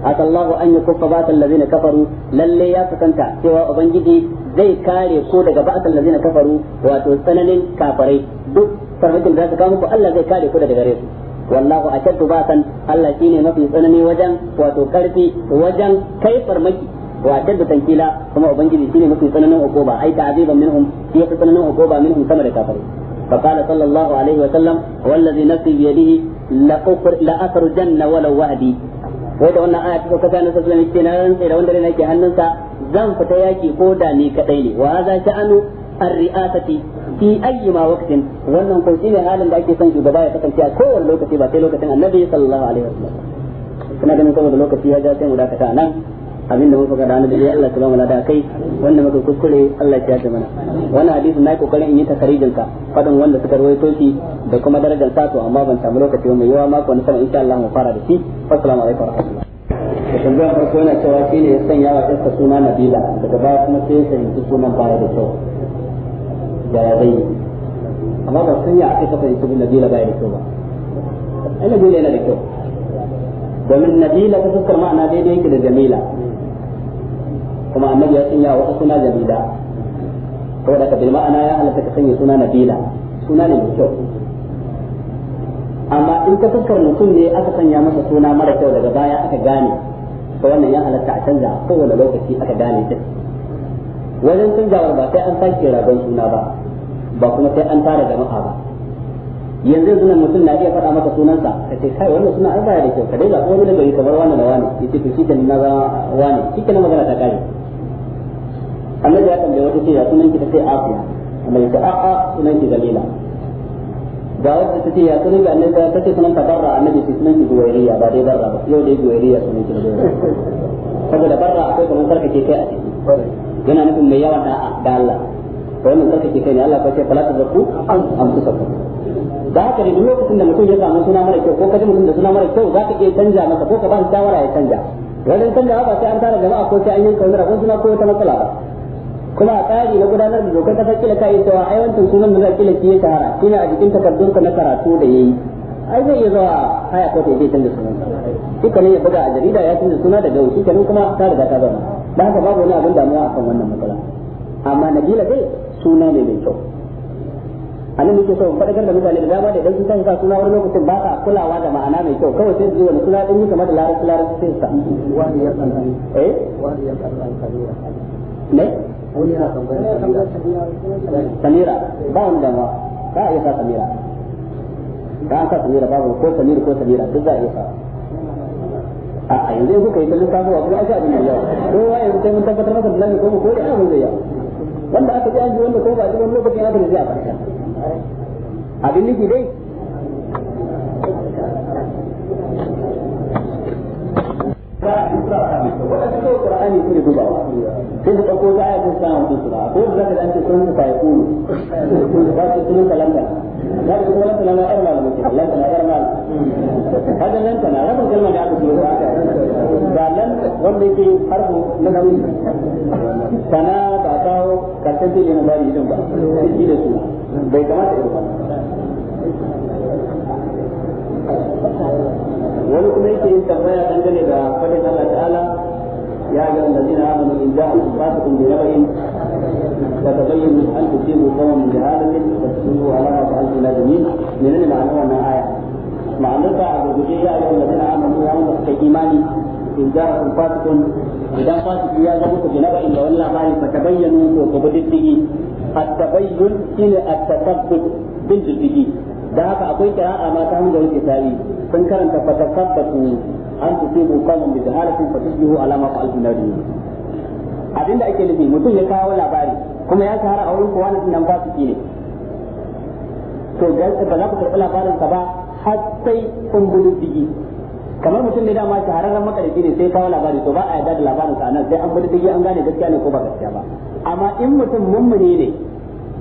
aka Allahu kafaru lalle ya kusanta cewa ubangiji zai kare ko daga batal lazina kafaru wato tsananin kafarai duk farmakin da za su kawo muku Allah zai kare ku daga gare su wallahu ashaddu basan Allah shine mafi tsanani wajen wato karfi wajen kai farmaki wa ashaddu tankila kuma ubangiji shine mafi tsananin ukuba ai ta'aziban minhum shi yafi tsananin ukuba minhum sama da kafirai فقال صلى الله عليه وسلم والذي نفسي بيده لأخرجن ولو وحدي wai da wannan aya ta sauka ta nasu sunan ce na rantsa da wanda rana ke hannunsa zan fita yaki ko da ni kadai ne wa za sha'anu الرئاسة في أي ما وقت وأنهم قلتين حالا لأكي سنجي بباية تكن a kowane lokaci ba sai a annabi sallallahu alaihi wasallam kuna ganin saboda lokaci ya ja sai mu dakata nan abinda mun faɗa ranar dare Allah ta ba mu kai wanda muka kuskure Allah ya ji mana wannan hadisin na kokarin in yi takarijin ka fadin wanda suka rawaito shi da kuma darajar sa to amma ban samu lokaci ba mai yawa mako ne sanin insha Allah mu fara da shi assalamu alaikum warahmatullahi tambayar farko yana cewa shine ya sanya wa kansa suna Nabila daga baya kuma sai ya sanyi sunan baya da kyau yaya zai yi amma ba sun yi a kai kasance bin nabila ba da kyau ba ai nabila yana da kyau domin nabila ta fuskar ma'ana daidai yake da jamila kuma annabi ya sanya wata suna jamila kuma ka bil ma'ana ya halatta ka sanya suna nabila suna ne mai kyau amma in ta fuskar mutum ne aka sanya masa suna mara kyau daga baya aka gane to wannan ya halatta a canza kowane lokaci aka gane din wajen sun jawar ba sai an sake rabon suna ba ba kuma sai an tara jama'a ba yanzu yanzu mutum na iya faɗa maka sunansa ka ce kai wannan suna an baya da kyau ka dai zaɓi wani nagari kamar wani da wani ya ce to shi da na za wani shi kenan magana ta kare annabi ya tambaye wata ce ya sunan ki ta sai afiya annabi a a'a sunan ki dalila ga wata ta ce ya sunan ki annabi ta ce sunan ta barra annabi ce sunan ki duwairiya ba dai barra ba yau dai duwairiya sunan ki da saboda barra akwai kamar sarkake kai a ciki yana nufin mai yawa da'a da Allah to wannan ke kai ne Allah ko ce fala tazakku an anfusakum da haka ne duk lokacin da mutum ya samu suna mara kyau ko kaji mutum da suna mara kyau za ka iya canja masa ko ka ba shi shawara ya canja wajen canjawa ba sai an tara jama'a ko sai an yanka wani ko suna ko wata matsala ba kuma a tsari na gudanar da dokar kasar kila kai cewa ai wancan sunan da za kila ki ta shahara kila a jikin takardun ka na karatu da yayi ai zai iya zuwa haya ko ta yi canza sunan shi ne ya buga a jarida ya canza suna daga wuce kenan kuma ta riga ta zama ba ka babu wani abin damuwa kan wannan matsala amma nabila dai suna ne mai kyau a nan yake so fadakar da mutane da dama da idan sun tafi sa suna wani lokacin ba ka kulawa da ma'ana mai kyau kawai sai su wani suna ɗin yi kamar da su sai sa. wani ya eh? wani ya ne wani ya samira ba wani damuwa ba a iya sa samira ba sa samira ko samira ko samira duk za a iya sa a a yanzu kuka yi ta lissafi wa kuma aka abin da yawa kowa yanzu sai mun tabbatar masa da ko ko da abin da yawa wanda aka ji an ji wanda ko ba ji lokacin aka ji a farka abin nufi dai waɗansu ƙur'ani su ne dubawa sai su ɗauko za a yi sun samun sun sura ko da za ka dace sun sa ya kulu ba su sun kalanda هذا يقول لك انا ارمى لك لك انا ارمى هذا da تنا هذا الكلمه اللي عندك قال لن wanda yake harfu na nauyi sana ba kawo kasance ne na bari din ba shi da su bai kamata ya rubuta wani kuma yake yin tambaya dangane da fadin Allah ta'ala ya ga allazina amanu in ja'akum fasiqun bi nabain تتبين من هل تصيب قوم بهذا فتصيبوا على ما الملازمين من ان معناها ما آية معناتها أبو بكر يا أيها الذين آمنوا يا أمة إيماني إن جاءكم فاسق إذا فاسق يا بنبع إلا ولا بال فتبينوا وتبدده التبين إلى التثبت بالجلده da haka akwai kira'a ma ta hanzari ke tari sun karanta fatasabbatu an tusibu qawman bi jahalatin fatusbihu ala ma abinda ake nufi mutum ya kawo labari kuma ya shahara a wurin kowa tunan ba su ne to ba za ku karɓi labarin ka ba har sai kun gudu digi kamar mutum ne dama shahararren makarfi ne sai kawo labari to ba a yarda da labarin sa nan sai an gudu digi an gane gaskiya ne ko ba gaskiya ba amma in mutum mummune ne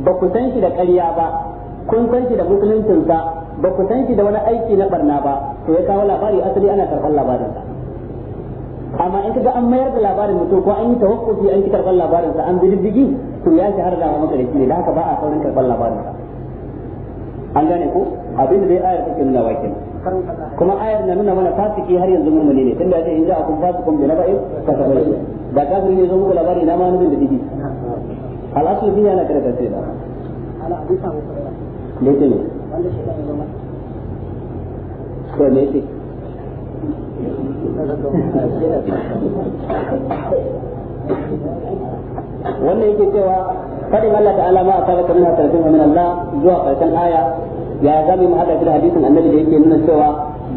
ba ku san shi da ƙarya ba kun san shi da musuluncinsa ba ku san shi da wani aiki na barna ba to ya kawo labari asali ana karɓar labarin sa amma in kaga an mayar da labarin mutum ko an yi tawakkufi an ki karban labarin sa an bi diddigi to ya shahara da maka da shi da haka ba a saurin karban labarin sa an gane ko abin da dai ayar take nuna wa kuma ayar na nuna mana fasiki har yanzu mun mummuni ne tunda dai in za a kun fasikun bi naba'in ka tabbata ba kafiri ne zo muku labari na ma nabin da digi al'asul biya na kada sai da ala abin sa ne ne wanda shi da ne to ne shi wannan yake cewa fadin Allah ta'ala ma asaba kan na wa min Allah zuwa karshen aya ya zami mu hada da hadisin annabi da yake nuna cewa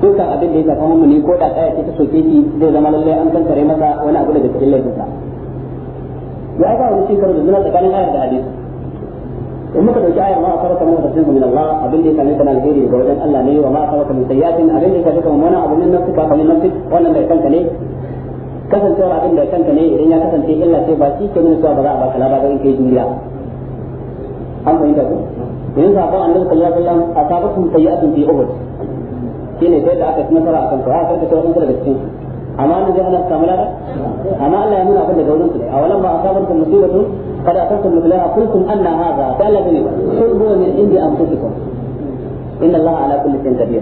dukkan abin da ya mu mummuni ko da kaya ce ta soke shi zai zama lallai an kankare masa wani abu daga cikin laifinsa ya ga wani shi karo da zuna tsakanin aya da hadisi in muka dauki ayar ma asaraka min fadlin min Allah abin da ya same kana na alheri daga wajen Allah ne wa ma asaraka min sayyatin abin da ya same kana mun abin nan nafsi ba kamar nafsi wannan bai kanka ne kasancewar abin da kanka ne idan ya kasance illa sai ba shi ke nuna cewa ba za a baka laba ba in kai duniya an fahimta ku yanzu sabon annabi sallallahu alaihi wasallam asabakum sayyatin fi shi ne sai da aka ci nasara akan su aka karkace wadansu daga cikin amma an zai hana su samu lada amma Allah ya nuna abin da gaurin su a walan ba a asabarkum musibatu قد أتيتم مثلها قلتم أن هذا قال لكم قل هو من عند أنفسكم إن الله على كل شيء قدير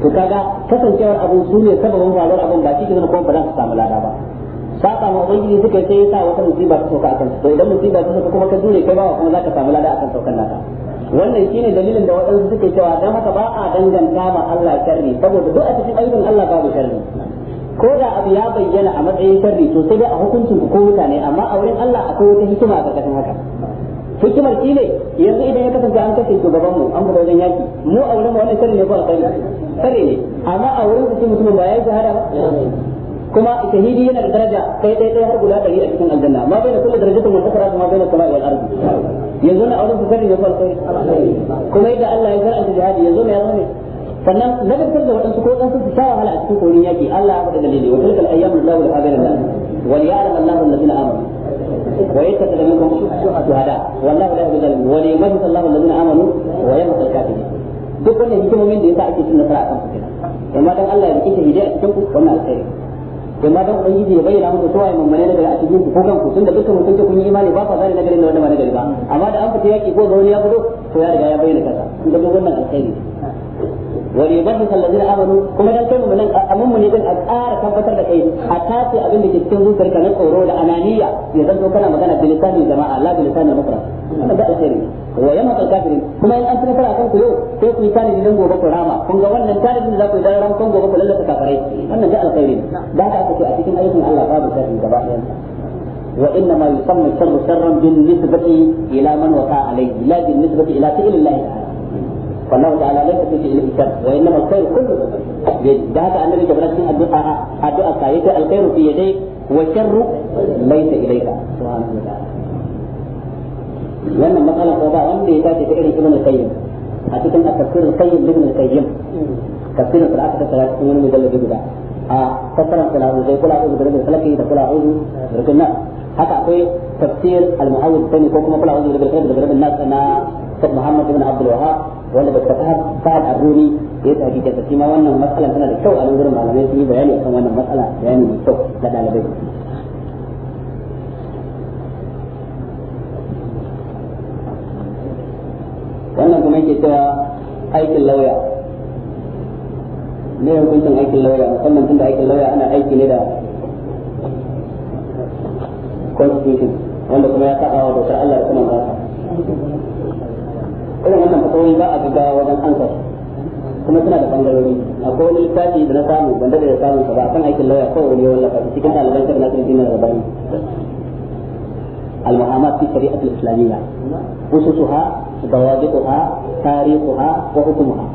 to kaga kasancewar abun su ne sababin faruwar abun ba shi ke kuma ba za su samu lada ba saka ma ubangiji suka sai yasa wata musiba ta sauka akan to idan musiba ta sauka kuma ka jure kai ba kuma za ka samu lada akan saukan naka wannan shine dalilin da waɗansu suke cewa dan haka ba a danganta ma Allah sharri saboda duk a cikin ayyukan Allah babu sharri ko da abu ya bayyana a matsayin sharri to sai dai a hukuncin ku ko mutane amma a wurin Allah akwai wata hikima a ƙarƙashin haka hikimar shi ne yanzu idan ya kasance an kashe shugaban mu an wajen yaki mu a wurin wannan sharri ne ko alƙali sharri ne amma a wurin su mutumin ba ya yi shahada ba kuma shahidi yana da daraja kai dai dai har guda ɗari a cikin aljanna ma bai da kullu darajatun mutakara kuma bai da sama'i wal ardi yanzu na auren su sharri ne ko alƙali kuma yadda Allah ya zar'anta jihadi yanzu ne ya zama sannan na garkar da waɗansu ko ɗansu su sha wahala a cikin koyon yaƙi Allah ya faɗa dalili wa tilkal ayyamu Allahu laha bayna wal ya'lam Allahu alladhina amanu wa yattaqi minkum shuhada wallahu la yuhibbu zalimin wa yamhaqu Allahu alladhina amanu wa yamhaqu al-kafirin duk wannan hikimomin da yasa ake cin nasara akan fitina amma dan Allah ya rike shahidai a cikin ku wannan alkhairi amma dan ubangiji ya bayyana muku cewa mummune ne daga a cikin ku ko kanku tunda dukkan mutum kun yi imani ba fa zani na garin da wanda ba gari ba amma da an fita yaki ko ga wani ya fito to ya riga ya bayyana kansa kun ga wannan alkhairi وليبدل الذين امنوا كما دان كان من امم ne din a ƙara tabbatar da kai a tace abin da ke cikin zuciyarka na tsoro da ananiya ya zanto kana magana da lisanin jama'a la da lisanin makra wannan da alheri wa yamma al kafirin kuma in an tsira fara kan ku yau sai ku tani din gobe ku rama kun ga wannan tarihin da za ku yi dan kan gobe ku lallata kafirai da da haka aka ce a cikin ayyukan Allah babu kafirin gaba ɗaya وإنما يسمى الشر شرا بالنسبة إلى من وقع عليه لا بالنسبة إلى فعل الله تعالى فانه تعالى ليس في شيء الانسان وانما الخير كله ذات ان النبي جبرت في الدعاء الدعاء سايت الخير في يديك والشر ليس اليك سبحانه وتعالى لما قال القضاء وامري ذاتي في ابن القيم حتى ان التفسير القيم لابن القيم تفسير في العقد الثلاث من المجلد الجديد اه فسر في العقد زي كل عقد برجل الفلكي تقول اعوذ برجل الناس حتى في تفسير المعوذ الثاني كوكو ما قل اعوذ برجل الناس انا محمد بن عبد الوهاب wanda da kafa sa'ad sa'ad arruri ya tafi da shi ma wannan matsala tana da kyau a gurin malamai sun yi bayani akan wannan matsala bayani mai kyau da dalibai wannan kuma yake cewa aikin lauya ne hukuncin aikin lauya musamman tunda aikin lauya ana aiki ne da constitution wanda kuma ya saba wa dokar Allah da kuma ba irin wannan fatawoyi ba a gaggawa wajen ansa kuma suna da bangarori akwai wani littafi da na samu wanda da ya samu ka ba akan aikin lauya kawai wani wallafa cikin ɗaliban shirin nasirin dinar rabani المحاماة في islamiyya الإسلامية أسسها ضوابطها تاريخها وحكمها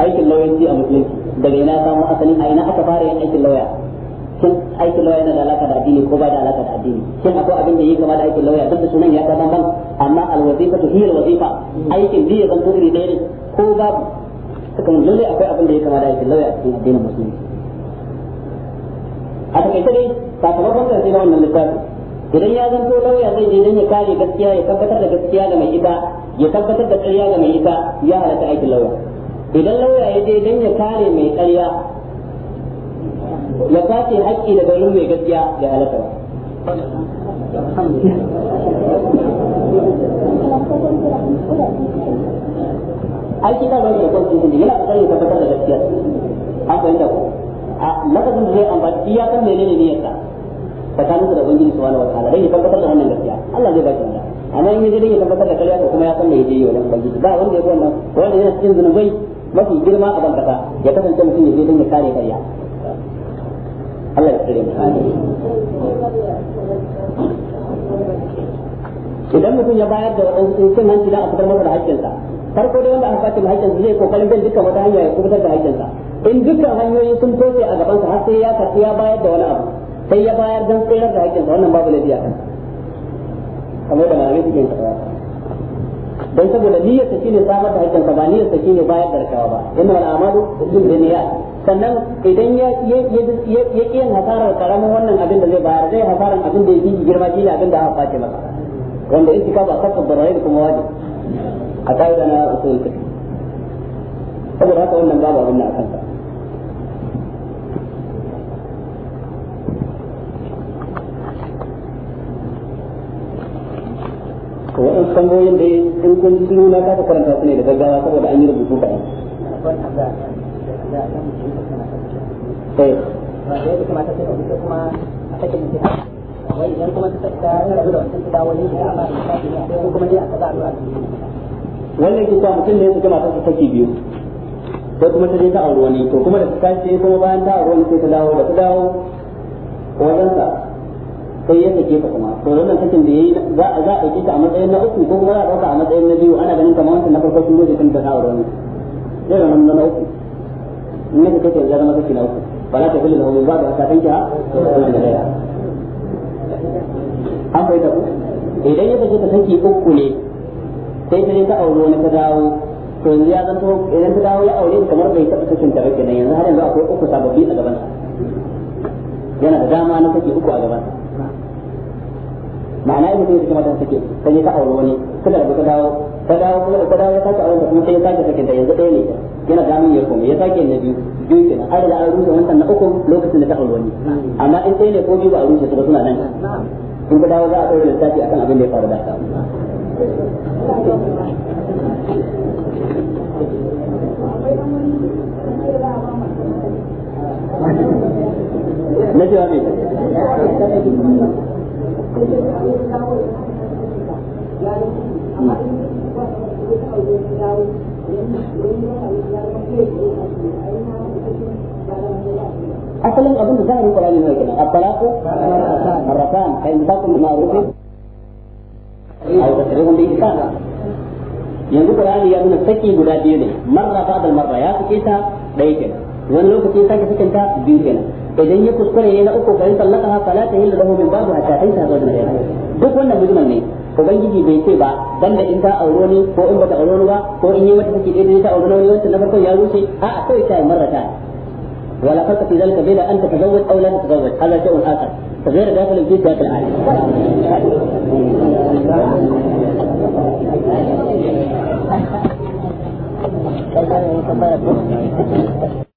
aikin lauyanci a musulunci daga ina samu asalin a ina aka fara yin aikin lauya sun aikin lauya na da alaka da addini ko ba da alaka da addini shin akwai abin da yi kama da aikin lauya duk da sunan ya kama ban amma alwazifa to hiyar wazifa aikin biyu ban to iri ɗaya ne ko babu suka mun lalle akwai abin da yi kama da aikin lauya cikin addinin musulmi a takaice dai sakamakon karshe zai wannan littafi idan ya zanto lauya zai je don ya kare gaskiya ya tabbatar da gaskiya ga mai ita ya tabbatar da ƙarya ga mai ita ya halatta aikin lauya idan lauya ya je don ya kare mai ƙarya ya kwace haƙƙi daga wurin mai gaskiya da halaka ai da kwanci ne yana kokarin tabbatar da gaskiya an fahimta ko a lafazin da zai ambaci ya san menene ne yasa tsakanin da ubangiji subhanahu wataala dai ya tabbatar da wannan gaskiya Allah zai ba shi da amma in yaje dai ya tabbatar da ƙarya ko kuma ya san me yaje wannan ubangiji ba wanda ya wannan wanda yana cikin zunubai mafi girma a ban ya kasance mutum ya je da ya kare karya. Allah ya tsare idan mutum ya bayar da waɗansu cin hanci dan a fitar masa da haƙƙinsa farko dai wanda aka kwace haƙƙinsa zai kokarin bin dukkan wata hanya ya kubutar da haƙƙinsa in dukkan hanyoyi sun toshe a gabansa har sai ya karɓi ya bayar da wani abu sai ya bayar don tsirar da haƙƙinsa wannan babu laifi a kamar da malamai suke yin dan saboda niyyar ta shine samar da hakkin ba niyyar ta shine bayar da rakawa ba inna wal amalu bil niyyat sannan idan ya ya ya kiyan hasarar karamin wannan abin da zai bayar zai hasaran abin da yake girma shi abin da aka face masa wanda in kika ba kafa kuma a na usul fiqh saboda haka wannan babu abin da akan wa'in waɗansu da in kun tuno na kasa karanta su ne da gaggawa saboda an yi rubutu kaɗan. wannan kisa mutum ne suka matar su saki biyu ko kuma ta je ta auri wani to kuma da ta tashi kuma bayan ta auri wani sai ta dawo da ta dawo wajen ta sai yadda ke kuma to wannan cikin da yayi za a za a dauke ta a matsayin na uku ko kuma za a a matsayin na biyu ana ganin kamar wancan na farko sun zai kanta na wurin sai wannan na uku in ne kake ya zama kake na uku ba za ka kullu da wani ba da ka tanka to wannan da ya an bai da ku idan ya fice ka saki uku ne sai ta ka aure wani ka dawo to yanzu ya zanto idan ta dawo ya aure kamar bai taɓa sakin tare ba kenan yanzu har yanzu akwai uku sababbi a gaban yana da dama na kake uku a gaban sa ma'ana yin mutum kuma da ta aure wani da ka dawo ka dawo kuma ka dawo ya sake aure kuma sai ya sake take da yanzu ɗaya ne yana da mun ya koma ya sake na biyu biyu kenan an riga an rusa wancan na uku lokacin da ta aure wani amma in ɗaya ne ko biyu ba a rusa su suna nan in ka dawo za a ɗaure lissafi akan abin da ya faru da ka asalin abin da zahirin Qur'ani ne kenan at-talaqu marratan fa in taqul ma'ruf aw tasrihum bi ihsan yanzu Qur'ani ya nuna saki guda biyu ne marra ba'da marra ya fice ta dai wani lokaci sake sakin ta biyu idan ya kuskure ya na uku bayan sallaka fala ta hillu lahu min babu hatta ta sa zuwa da duk wannan mujmal ne ubangiji bai ce ba da in ta auro ne ko in bata auro ba ko in yi wata take daidai ta auro ne wata na farko ya rushe a a kai ta marrata ولا فرق في ذلك بين ان تتزوج ta tazawwaj تتزوج ta un اخر ta داخل da kalin العالم Thank you.